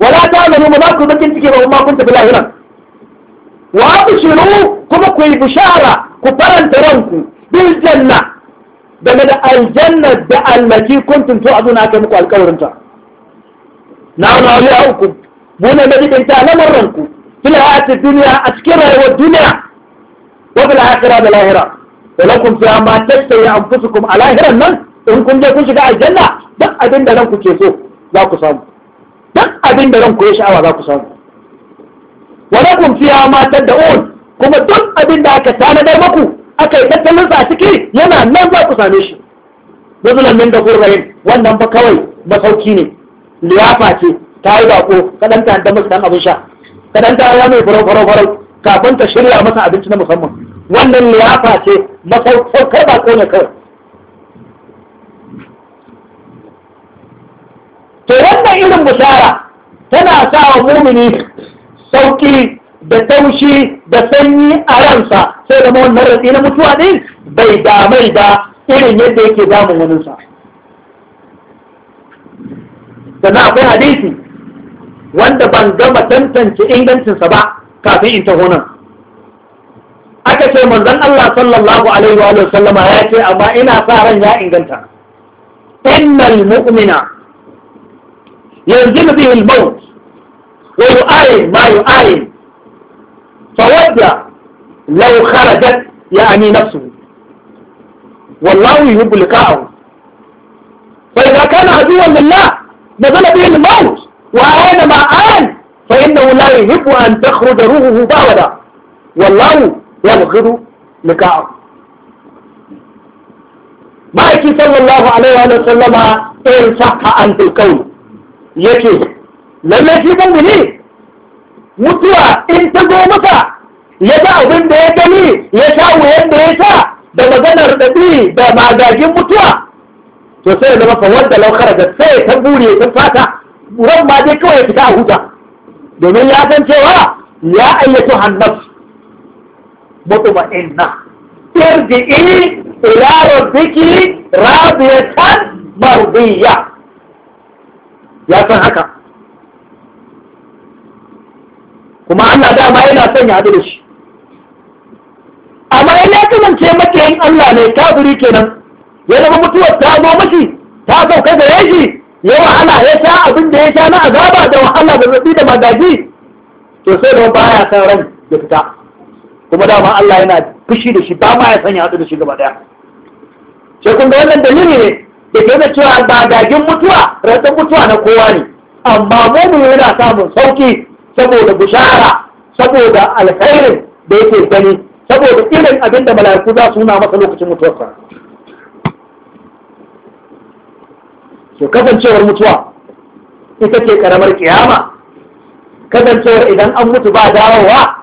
wala ta amanu ma ku bakin ciki ba kuma kun tafi lahira wa bishiru kuma ku yi bishara ku faranta ranku bil janna daga da aljanna da allaki kuntum to azuna aka muku alƙawarin ta na na ya uku mu ne da ta lamar ranku fil hayati dunya a cikin rayuwar duniya wa bil akhirah da lahira wa lakum fiha ma tashtahi anfusukum a lahiran nan in kun je kun shiga aljanna duk abin da ranku ke so za ku samu duk abin da ranku ya sha'awa za ku samu wa lakum fiha ma tad'un kuma duk abin da aka tanadar maku aka yi tattalin sa ciki yana nan za ku same shi nuzulan min da kurrayin wannan ba kawai masauki ne liyafa ce ta yi bako kadan ta da musu dan abin sha kadan ta ya mai farau farau kafin ta shirya masa abinci na musamman wannan liyafa ce masaukar bako ba kawai to wannan irin bishara tana sa wa mumini sauki da taushi da sanyi a ransa sai da wannan ratsi na mutuwa ne bai damai ba irin yadda yake damun waninsa sannan akwai hadisi wanda ban gama tantance ingancinsa ba kafin in taho nan aka ce manzon Allah sallallahu alaihi wa sallama ya ce amma ina sa ran ya inganta innal mu'mina ينزل به الموت ويؤاين ما يؤاين فودع لو خرجت يعني نفسه والله يحب لقاءه فإذا كان عدوا لله نزل به الموت وأين ما آن فإنه لا يحب أن تخرج روحه بعدا والله يبغض لقاءه ما يكي صلى الله عليه وسلم إن صح أن في الكون yake lalle shi ne mutuwa in ta zo maka ya ga abin da ya gani ya sha wuyan da ya sha da maganar daɗi da magagin mutuwa to sai da zama wanda laukar da sai ta bure ta fata ran ma dai kawai fita a huta domin ya san cewa ya ayyatu hannas mutuwa inna irji'i ila rabbiki radiyatan mardiya ya san haka kuma Allah dama yana son ya haɗu da shi amma in ya kasance makiyayin Allah ne kafiri kenan ya zama mutuwar ta zo ta sauka da yaji ya wahala ya sha abin da ya sha na azaba da wahala da zafi da magaji to sai da baya san ran ya fita kuma dama Allah yana fushi da shi ba ma ya sanya haɗu da shi gaba ɗaya sai kun wannan dalili ne ita da cewa ba gagin mutuwa rantsar mutuwa na kowa ne amma mu yana samun sauki saboda bushara saboda alkhairin da yake gani saboda irin abin da mala'iku za su nuna masa lokacin mutuwarsa to kasancewar mutuwa ita ce karamar kiyama kasancewar idan an mutu ba dawowa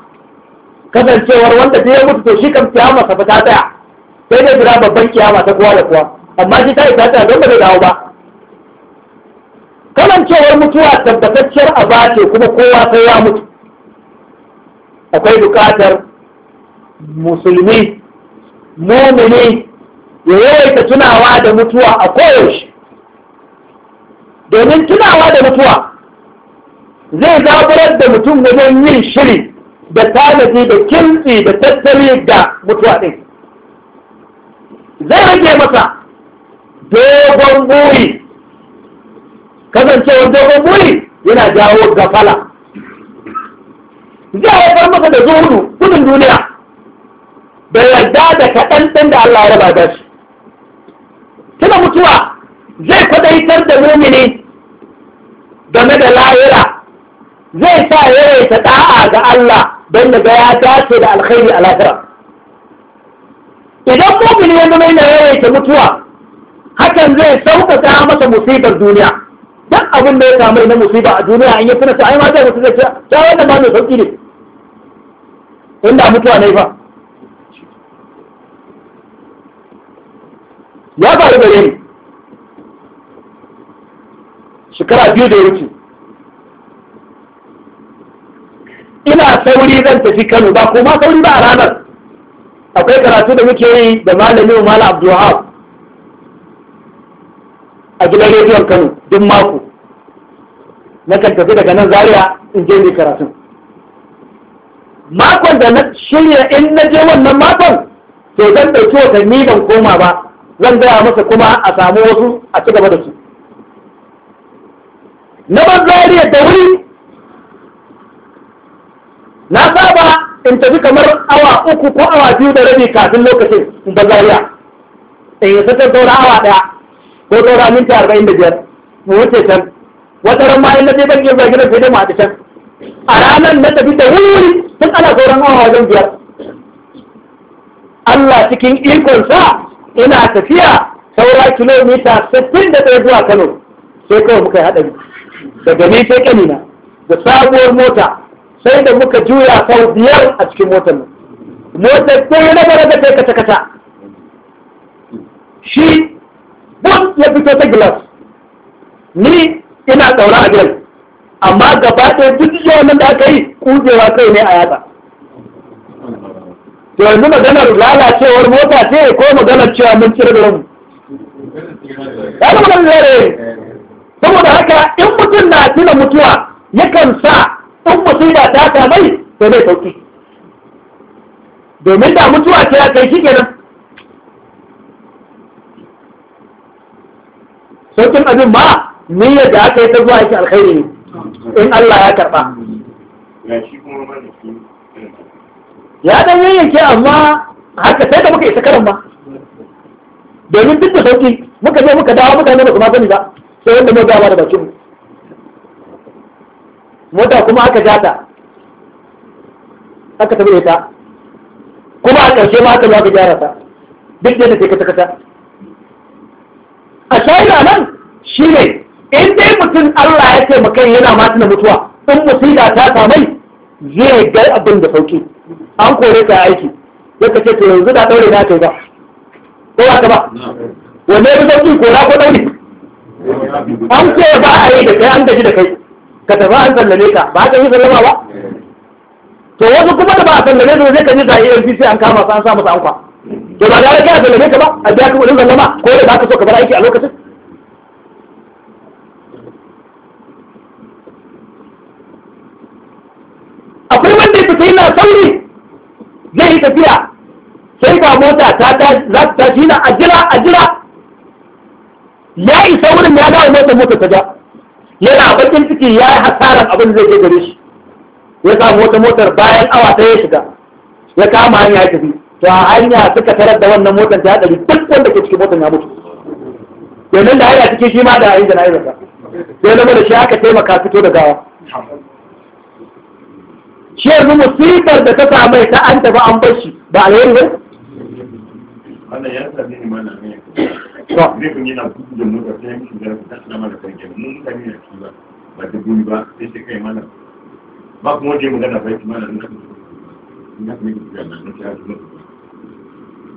kasancewar wanda ta ya mutu to shi kan kiyama sa ta daya sai dai jira babban kiyama ta kowa da kowa amma shi ta isa don ba zai dawo ba cewar mutuwa tabbatacciyar aba ce kuma kowa sai ya mutu akwai bukatar musulmi mumini ya yawaita tunawa da mutuwa a koyaushe domin tunawa da mutuwa zai zaburar da mutum wajen yin shiri da tanadi da kintsi da tattali da mutuwa ɗin zai rage masa dogon buri kasancewar dogon buri yana jawo gafala zai haifar maka da zuru gudun duniya da yarda da kaɗan ɗin da Allah ya raba da shi tuna mutuwa zai kwadaitar da mumini game da lahira zai sa ta ɗa'a ga Allah don daga ya dace da alkhairi a lahira idan mumini ya zama yana yawaita mutuwa hakan zai sauƙaƙa masa musibar duniya duk abin da ya samu na musiba a duniya an yi tuna ta aima zai mutu zai ce ta wannan ma mai sauƙi ne inda mutuwa ne fa ya faru gare ni shekara biyu da ya wuce ina sauri zan tafi Kano ba kuma sauri ba a ranar akwai karatu da muke yi da malamin Malam Abdulwahab a gidan rediyon kano duk mako na kan tafi daga nan zaria in je ne karatun makon da na shirya in na je wannan makon to zan ɗauki watanni ban koma ba zan gaya masa kuma a samu wasu a ci gaba da su na ban zariya da wuri na saba in tafi kamar awa uku ko awa biyu da rabi kafin lokacin ban zariya in yi sassan saura awa ɗaya ko saura minti arba'in da biyar mu wuce can wata ran ma na je ban iya zuwa sai dai mu haɗu can a ranar na tafi da wuri tun ana sauran awa wajen biyar Allah cikin ikonsa ina tafiya saura kilomita sittin da ɗaya zuwa Kano sai kawai muka yi haɗari daga ni sai kanina da sabuwar mota sai da muka juya sau biyar a cikin motar mu motar sai na bara da kai kata kata shi bus ya fito ta gilas ni ina tsaura a gidan amma gaba ɗaya duk nan da aka yi kujewa kai ne a yatsa to yanzu maganar lalacewar mota ce ko maganar cewa mun cire garin ya zama da zare saboda haka in mutum na tuna mutuwa yakan sa in mutum ta ta mai sai zai sauki domin da mutuwa ce a kai shi kenan sokin abin ba, niyyar da aka yi ta zuwa yake alkhairi ne in Allah ya karba ya dan yayyanke amma haka sai da muka isa karan ba domin duk da sauki muka je muka dawo mutane da kuma sani ba sai wanda mai gaba da bakin mu mota kuma aka jata aka tabbata kuma a ƙarshe ma aka zo aka gyara ta duk da take kata kata a shaida nan shi ne in dai mutum allah ya ce taimaka yana ma na mutuwa in musida ta samai zai ga abin da sauki an kore ka aiki ya kace to yanzu da daure na kai ba ko ba ba wanne ya sauki ko kora ko daure an ce ba a yi da kai an gaji da kai ka tafi an sallame ka ba ka yi sallama ba to wasu kuma da ba a sallame su zai ka ji da sai an kama su an sa musu kwa da ba da ya kira ka ba a biya ka kudin sallama ko da ba ka so ka bar aiki a lokacin akwai wanda ya fita yana sauri zai yi tafiya sai ga mota ta za ta tashi na ajira ajira ya isa wurin ya dawo motar motar ta ja yana bakin ciki ya yi hasarar abin zai je gare shi ya samu wata motar bayan awa ta ya shiga ya kama hanya ya tafi to a hanya suka tarar da wannan motar ta hadari duk wanda ke cikin motar ya mutu domin da hanya cikin shi ma da ayi jana'izarsa sai zama da shi aka taimaka fito da gawa shi yanzu musibar da ta samai ta an ba an bar shi ba alheri ba Allah ya sami ni mana ne. To, ne kun yana kudu da mota sai mun shiga ta tsana mana kai mun kan ne shi ba ba da guri ba sai sai kai mana. Ba kuma je mu gana bai mana ne. Ina ne ku ga nan ta ji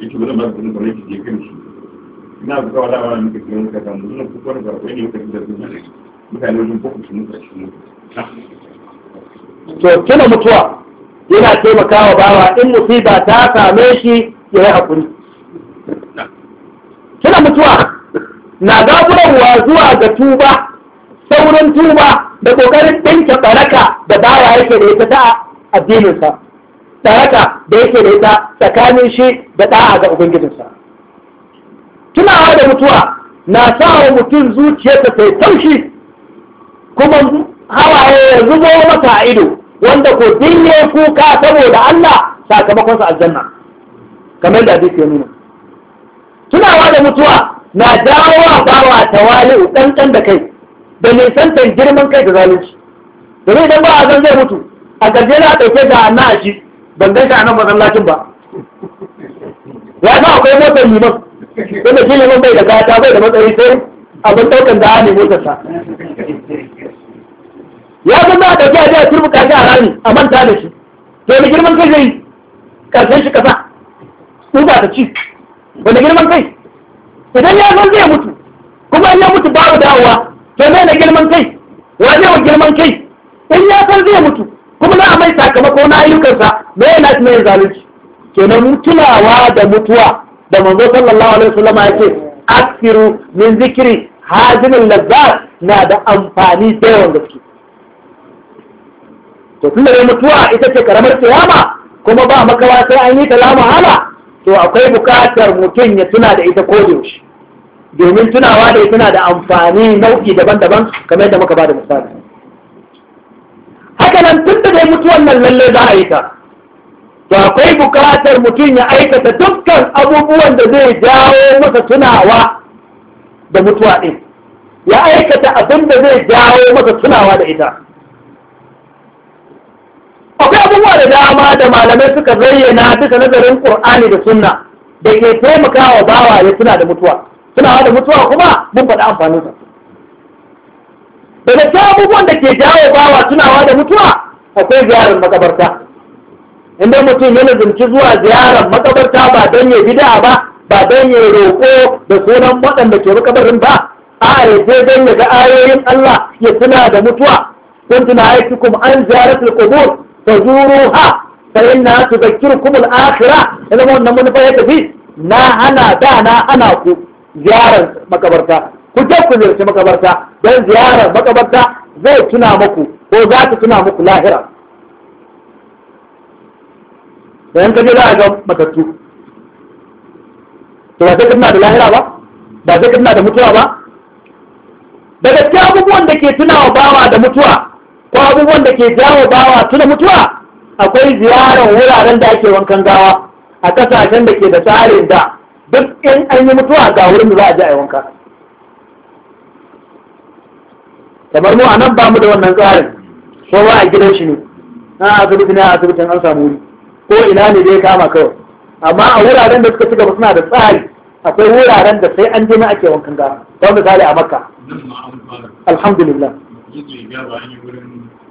yake wani masu kudin kwarai ke kan shi ina zuwa wala wala muka ce wani kasa mu nan kuka wani karfai ne muka da zuwa mutane wajen boko su muka shi mutu to tuna mutuwa yana taimakawa bawa in musiba ta same shi ya yi hakuri tuna mutuwa na gafararwa zuwa ga tuba saurin tuba da kokarin ɗinke baraka da bawa yake da ita ta addininsa saraka da yake da ita tsakanin shi da ɗa'a ga ubangijinsa tunawa da mutuwa na sa wa mutum zuciyarsa ta taushi kuma hawaye ya zubo mata a ido wanda ko dinne kuka saboda Allah sakamakonsa aljanna kamar da hadisi ya nuna tunawa da mutuwa na dawowa bawa tawali'u ɗanɗan da kai da nisantar girman kai da zalunci domin idan ba a zan zai mutu a ƙarshe na ɗauke da na shi ban gan a nan masallacin ba ya sa akwai motar liman wanda shi liman bai da ta bai da matsayi sai abin daukan da ne motar sa ya san za a ɗauki a a turbuka shi a rami a manta da shi to da girman kai zai karshen shi kasa ba ta ci wanda girman kai idan ya san zai mutu kuma in ya mutu babu dawowa to zai na girman kai wa zai wa girman kai in ya san zai mutu kuma na mai sakamako na ayyukansa me yana shi mai zalunci kenan tunawa da mutuwa da manzo sallallahu alaihi wasallam ya ce asiru, min zikiri hajinin lazzat na da amfani da yawan gaske to tunda dai mutuwa ita ce karamar kiyama kuma ba makawa sai an yi ta lama hala to akwai bukatar mutum ya tuna da ita ko domin tunawa da ita na da amfani nau'i daban-daban kamar yadda muka ba da misali haka nan tun da dai mutuwan nan lalle za a yi ta to akwai bukatar mutum ya aikata dukkan abubuwan da zai jawo masa tunawa da mutuwa ɗin ya aikata abin da zai jawo masa tunawa da ita akwai abubuwa da dama da malamai suka zayyana duka nazarin ƙur'ani da sunna da ke taimakawa bawa ya tuna da mutuwa tunawa da mutuwa kuma mun faɗi amfaninsa daga ta abubuwan da ke jawo bawa tunawa da mutuwa akwai ziyarar makabarta inda mutum ya nazarci zuwa ziyarar makabarta ba don ya bida ba ba don ya roƙo da sunan waɗanda ke makabarin ba a ya je don ya ga ayoyin Allah ya tuna da mutuwa kun tuna kuma an ziyaratul qubur tazuruha fa inna tudhakkirukum al-akhirah idan wannan manufa ya tafi na hana da na ana ku ziyarar makabarta ku je ku ziyarci makabarta don ziyarar makabarta zai tuna muku ko za ta tuna muku lahira bayan ka je za a ga matattu to ba zai tuna da lahira ba ba zai tuna da mutuwa ba daga cikin abubuwan da ke wa bawa da mutuwa ko abubuwan da ke jawo bawa tuna mutuwa akwai ziyarar wuraren da ake wankan gawa a kasashen da ke da tsarin da duk in an yi mutuwa ga wurin da za a je a yi wanka kamar mu a nan ba mu da wannan tsarin ko ba a gidan shi ne na asibiti ne a asibitin an samu wuri ko ina ne zai kama kawai amma a wuraren da suka ci gaba suna da tsari akwai wuraren da sai an je na ake wankan gawa don misali a makka alhamdulillah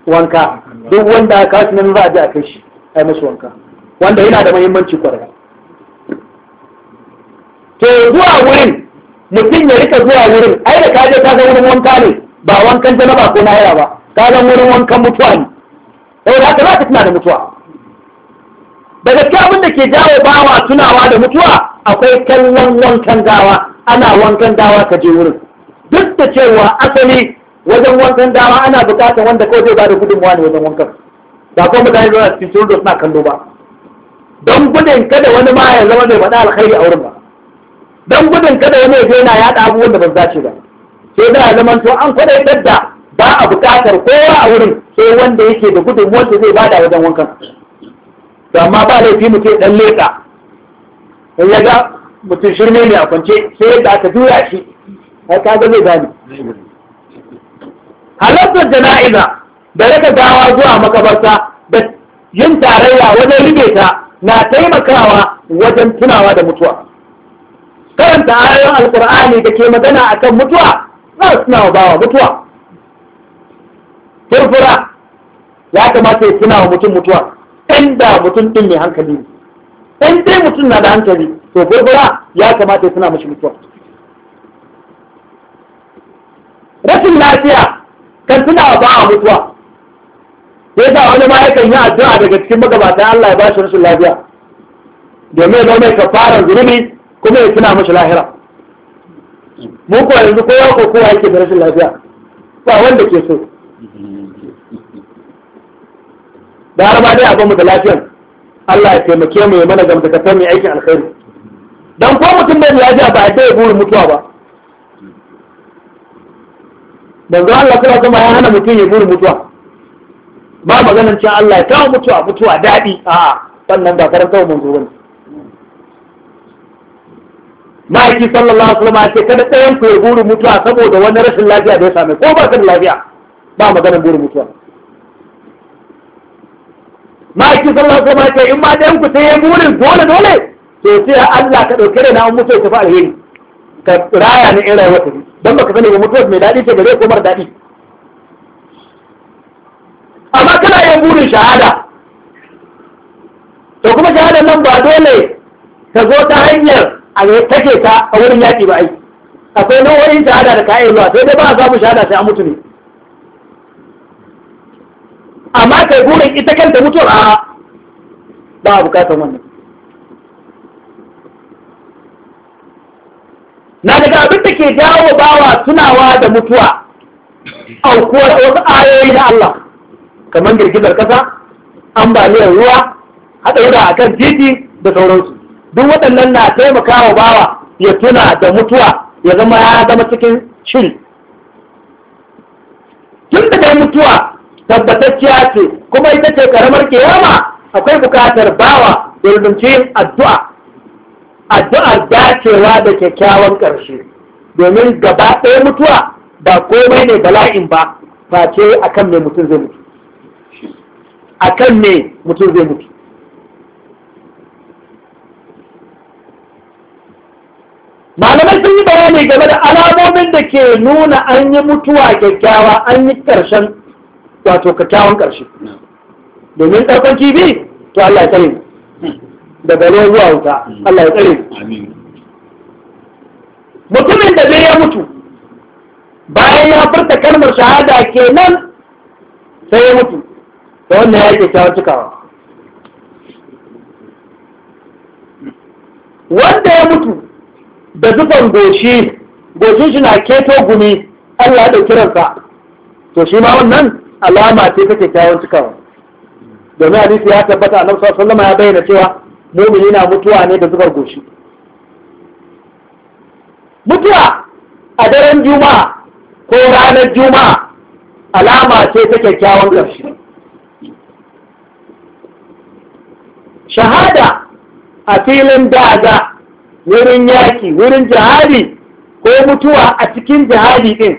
wanka duk wanda ka kasu nan za a je a kai shi a yi musu wanka wanda yana da mahimmanci kwarai to zuwa wurin mutum ya rika zuwa wurin ai da kaje ka ga wurin wanka ne ba wankan janaba ko lahira ba zan wurin wankan mutuwa ne saboda eh, haka za ka tuna da mutuwa da gaske abin da ke jawo bawa tunawa da mutuwa akwai kallon wankan gawa ana wankan gawa ka je wurin duk da cewa asali wajen wankan gawa ana buƙatar wanda kawai zai ba da gudunmuwa ne wajen wankan ba kuma mutane zuwa cikin shirin da suna kallo ba don gudun kada wani ma ya zama zai faɗa alkhairi a wurin ba don gudun kada wani ya je yana yaɗa abubuwan da ban dace ba sai da zaman to an kwadai dadda ba a bukatar kowa a wurin sai wanda yake da gudunmuwar zai bada wajen wankan to amma ba laifi mutum dan leka in ya ga mutum shirme ne a kwance sai yadda aka juya shi har ka ga zai gani halartar jana'iza da raka gawa zuwa makabarta da yin tarayya wajen rige ta na taimakawa wajen tunawa da mutuwa karanta ayoyin alkur'ani da ke magana akan mutuwa kawai suna wa bawa mutuwa furfura ya kamata ya tuna wa mutum mutuwa inda da mutum ɗin mai hankali ne ɗan dai mutum na da hankali to furfura ya kamata ya tuna mashi mutuwa rashin lafiya kan tuna wa bawa mutuwa sai sa wani ma yakan yi addu'a daga cikin magabata Allah ya bashi rashin lafiya domin ya zama mai kafaran zunubi kuma ya tuna mashi lahira mu ko yanzu kowa ko kowa yake da rashin lafiya ba wanda ke so da har ma dai abin da lafiyan Allah ya taimake mu ya mana gamtakatar mai aikin alkhairi dan ko mutum bai lafiya ba a dai burin mutuwa ba ga Allah kuma kuma ya hana mutum ya buri mutuwa ba maganar cewa Allah ya kawo mutuwa mutuwa dadi a'a wannan ba karanta mun zo ne ma'aiki sallallahu alaihi wasallam ake kada ɗayan ku ya buri mutuwa saboda wani rashin lafiya da ya same ko ba ka da lafiya ba maganar buri mutuwa ma'aiki sallallahu alaihi wasallam ake in ma ɗayan ku sai ya burin dole dole to sai Allah ka ɗauke da na mutu ya tafi alheri ka raya ni in rayuwar ta dan baka sani ba mutuwar mai daɗi ce gare ko mara daɗi amma kana yin burin shahada to kuma shahadar nan ba dole ka zo ta hanyar a take ta a wurin yaƙi ba ai akwai nau'o'in shahada da kayan ruwa sai dai ba a samu shahada sai a mutu ne amma kai burin ita kanta mutuwar a ba a bukatar wannan na daga abin da ke jawo bawa tunawa da mutuwa aukuwar wasu ayoyi na Allah kamar girgizar kasa ambaliyar ruwa haɗa wuda a kan titi da sauransu duk waɗannan na taimaka wa bawa ya tuna da mutuwa ya zama ya zama cikin shiri tun daga mutuwa tabbatacciya ce kuma ita ce karamar kiyama akwai bukatar bawa da rubuce addu'a addu'ar dacewa da kyakkyawan ƙarshe domin gaba ɗaya mutuwa ba komai ne bala'in ba face akan me mutum mutum zai mutu malamai sun yi bayani game da alamomin da ke nuna an yi mutuwa kyakkyawa an yi ƙarshen wato kyakkyawan ƙarshe domin ɗaukar kibi to Allah ya tsare daga ruwa zuwa wuta Allah ya tsare mutumin da zai ya mutu bayan ya furta kalmar shahada kenan sai ya mutu da wannan ya yi kyawar cikawa wanda ya mutu da zufan goshi goshin shi na keto gumi Allah ya kiransa to shi ma wannan alama ce ta kyakkyawan cikawa domin hadisi ya tabbata annabi sallallahu ya bayyana cewa mumini na mutuwa ne da zubar goshi mutuwa a daren juma'a ko ranar juma'a alama ce ta kyakkyawan ƙarshe shahada a filin daga wurin yaƙi, wurin jihadi ko mutuwa a cikin jihadi ɗin,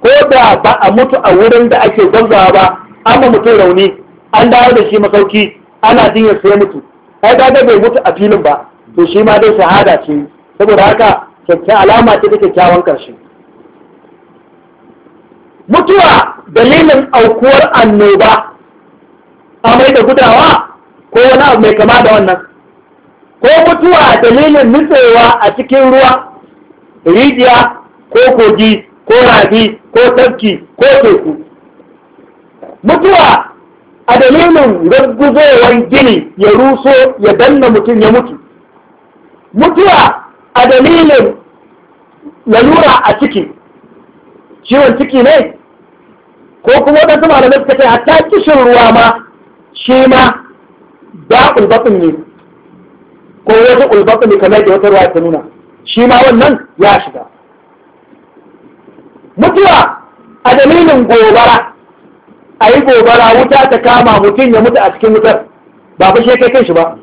ko da ba a mutu a wurin da ake gwamzawa ba an ba mutum rauni an dawo da shi masauki ana jinyar sai mutu ai da bai mutu a filin ba to shi ma dai shahada ce saboda haka kyakkyawan alama ce ta kyakkyawan karshe mutuwa dalilin aukuwar annoba mai da gudawa ko wani abu mai kama da wannan ko mutuwa a dalilin nutsewa a cikin ruwa rijiya ko kogi ko rafi ko tafki ko teku mutuwa a dalilin raguzowar gini ya ruso ya danna mutum ya mutu mutuwa a dalilin lalura a ciki ciwon ciki ne ko kuma da da suka ce hatta kishin ruwa ma shi ma ba'ul batun ne ko wata ulbata ne kamar da wata ruwa ta nuna shi ma wannan ya shiga mutuwa a dalilin gobara a yi gobara wuta ta kama mutum ya mutu a cikin wutar ba fa shi kai kan shi ba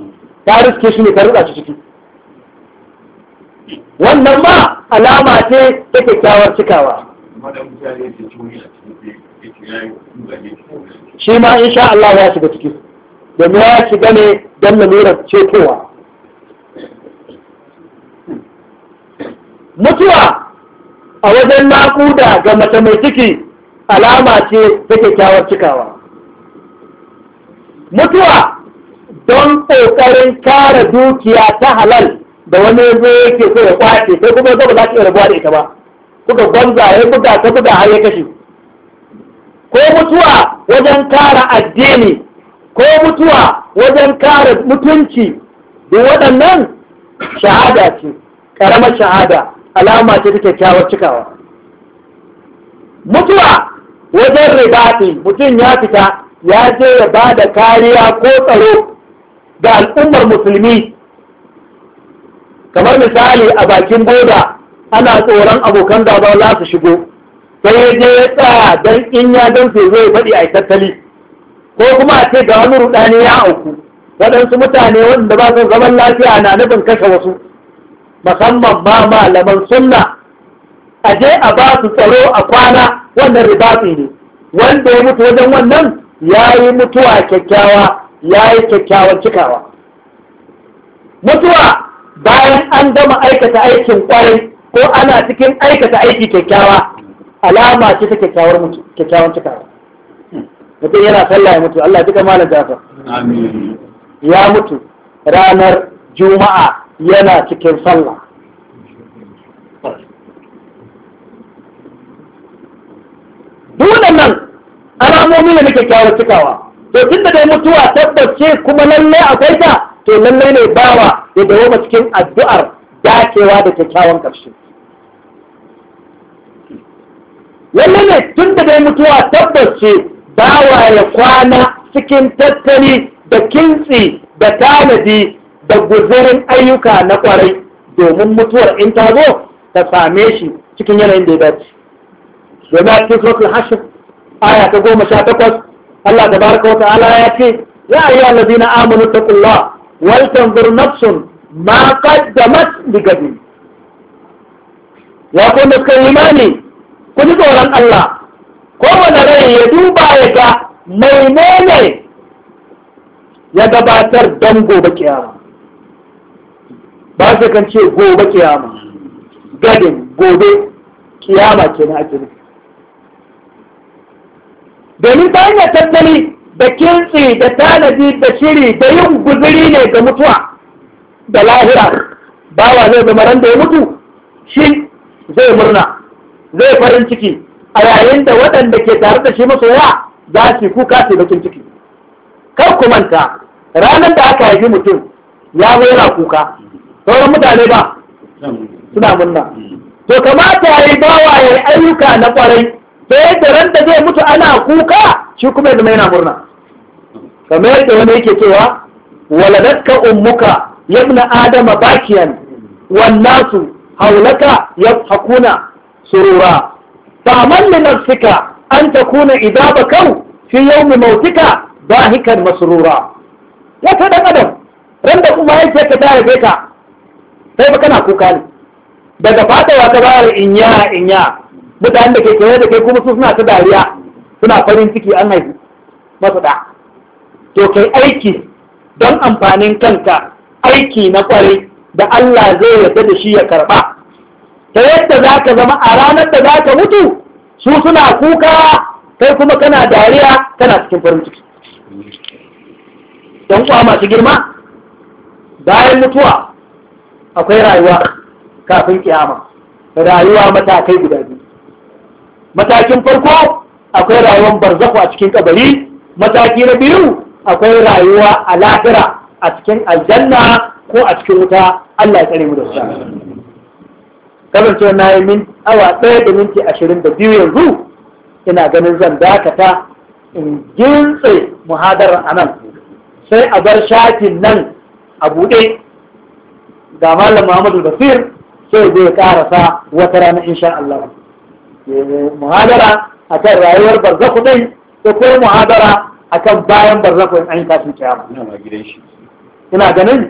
ta riske shi ne ta rutsa shi ciki wannan ma alama ce ta kyakkyawar cikawa shi ma sha Allah ya shiga ciki domin ya shiga ne don lalurar cetowa mutuwa a wajen naƙuda ga mace mai ciki alama ce ta kyakkyawar cikawa mutuwa don ƙoƙarin kare dukiya ta halal da wani zo yake so ya kwace sai kuma zo ba za ki iya rabuwa da ita ba kuka gwamza ya buga ta buga har ya kashe ko mutuwa wajen kare addini ko mutuwa wajen kare mutunci da waɗannan shahada ce ƙaramar shahada alama ce ta kyakkyawar cikawa mutuwa wajen ribati mutum ya fita ya je ya ba da kariya ko tsaro ga al'ummar musulmi kamar misali a bakin boda ana tsoron abokan gaba za su shigo sai ya je ya tsaya don in ya don su zai faɗi a tattali ko kuma a ce ga wani rudani ya auku waɗansu mutane wanda ba su zaman lafiya na nufin kashe wasu musamman ma malaman sunna a je a ba su tsaro a kwana wannan ribafi ne wanda ya mutu wajen wannan ya yi mutuwa kyakkyawa ya yi kyakkyawan cikawa mutuwa bayan an gama aikata aikin kwarai ko ana cikin aikata aiki kyakkyawa alama ce ta kyakkyawar mutu kyakkyawan cikawa mutum yana sallah ya mutu Allah duka malam jafa ya mutu ranar juma'a yana cikin sallah dole nan alamomi ne na kyawar cikawa to tun da dai mutuwa tabbace kuma lallai akwai ta to lallai ne bawa da dawo cikin addu'ar dacewa da kyakkyawan ƙarshe lallai ne tun da dai mutuwa tabbace bawa ya kwana cikin tattali da kintsi da tanadi da guzurin ayyuka na ƙwarai domin mutuwar in ta zo ta same shi cikin yanayin da ya dace domin a cikin suratul hashir aya ta goma sha takwas Allah da baraka wa ta'ala ya ce ya ayi allazina amanu taqullah wal tanzur nafsun ma qaddamat gadi. ya ko yi imani ku ji tsoron Allah kowane rai ya duba ya ga mai menene ya gabatar don gobe kiyama ba su kan ce gobe kiyama gadin gobe kiyama na ake nufi domin ta hanyar tattali da kintsi da tanadi da shiri da yin guzuri ne ga mutuwa da lahira bawa zai zama ran da ya mutu shi zai murna zai farin ciki a yayin da waɗanda ke tare da shi masoya za su kuka su bakin ciki kar ku manta ranar da aka haifi mutum ya zo yana kuka sauran mutane ba suna murna to kamata ya yi bawa ya yi ayyuka na kwarai ta yadda da zai mutu ana kuka shi kuma yadda yana murna kamar yadda wani yake cewa waladatka ummuka yabna adama bakiyan wannasu haulaka hakuna surura faman li nafsika an takuna idaba bakau fi yawmi mautika bahikan masrura wata dan adam randa kuma yake ta tare ka sai ba kana kuka ne daga fatawa ta bayar inya inya mutanen da ke kewaye da kai kuma su suna ta dariya suna farin ciki an haifi masu da to kai aiki don amfanin kanka aiki na kwarai da Allah zai yarda da shi ya karɓa. ta yadda za ka zama a ranar da za ka mutu su suna kuka kai kuma kana dariya kana cikin farin ciki don kuwa masu girma bayan mutuwa akwai rayuwa kafin kiyama rayuwa matakai guda biyu matakin farko akwai rayuwar barzaku a cikin kabari mataki na biyu akwai rayuwa a lahira a cikin aljanna ko a cikin wuta Allah ya tsare mu da su ce na yi min awa ɗaya da minti ashirin da biyu yanzu ina ganin zan dakata in gintse muhadarar a nan sai a bar shafin nan a buɗe ga malam Muhammadu Basir sai zai karasa wata rana insha Allah muhadara akan rayuwar barzaku dai da ko muhadara akan bayan barzaku in an tashi kiyama ina ganin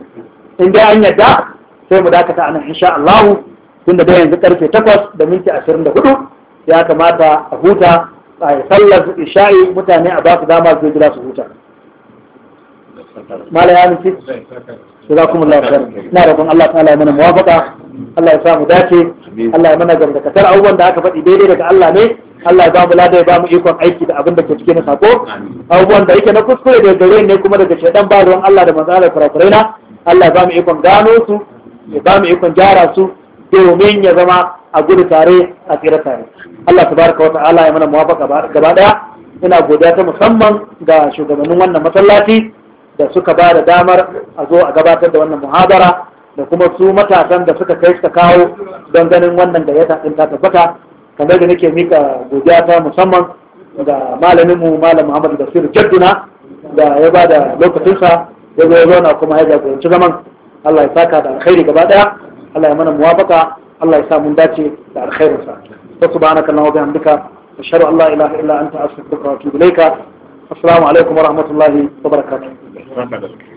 in dai an yadda sai mu dakata anan insha Allah tunda da yanzu karfe 8 da minti 24 ya kamata a huta a sallar isha'i mutane a ba su dama su gida su huta mala ya nufi jazakumullahu khair ina roƙon Allah ta'ala mana muwafaqa Allah ya samu dace Allah ya mana gamdakatar abubuwan da aka faɗi daidai daga Allah ne Allah ya ba lada ya ba ikon aiki da abin da ke cikin sako abubuwan da yake na kuskure da gare ne kuma daga shedan ba ruwan Allah da manzo Allah kurakurai na Allah ya ba mu ikon gano su ya ba ikon gyara ya zama a gudu tare a tsira tare Allah tabaraka wa ta'ala ya mana muwafaqa gabaɗaya. daya ina godiya ta musamman ga shugabannin wannan masallaci da suka ba da damar a zo a gabatar da wannan muhabara da kuma su matasan da suka kai suka kawo don ganin wannan gayyata ɗin ta tabbata kamar da nake mika godiya ta musamman ga malaminmu malam muhammadu basir jadduna da ya ba da lokacinsa ya zo ya zauna kuma ya jagoranci zaman allah ya saka da alkhairi gaba daya allah ya mana muwafaka allah ya sa mun dace da alkhairinsa wa subhanaka allahumma wa bihamdika ashhadu an la ilaha illa anta astaghfiruka wa atubu ilayka assalamu alaikum wa rahmatullahi wa barakatuh saka da su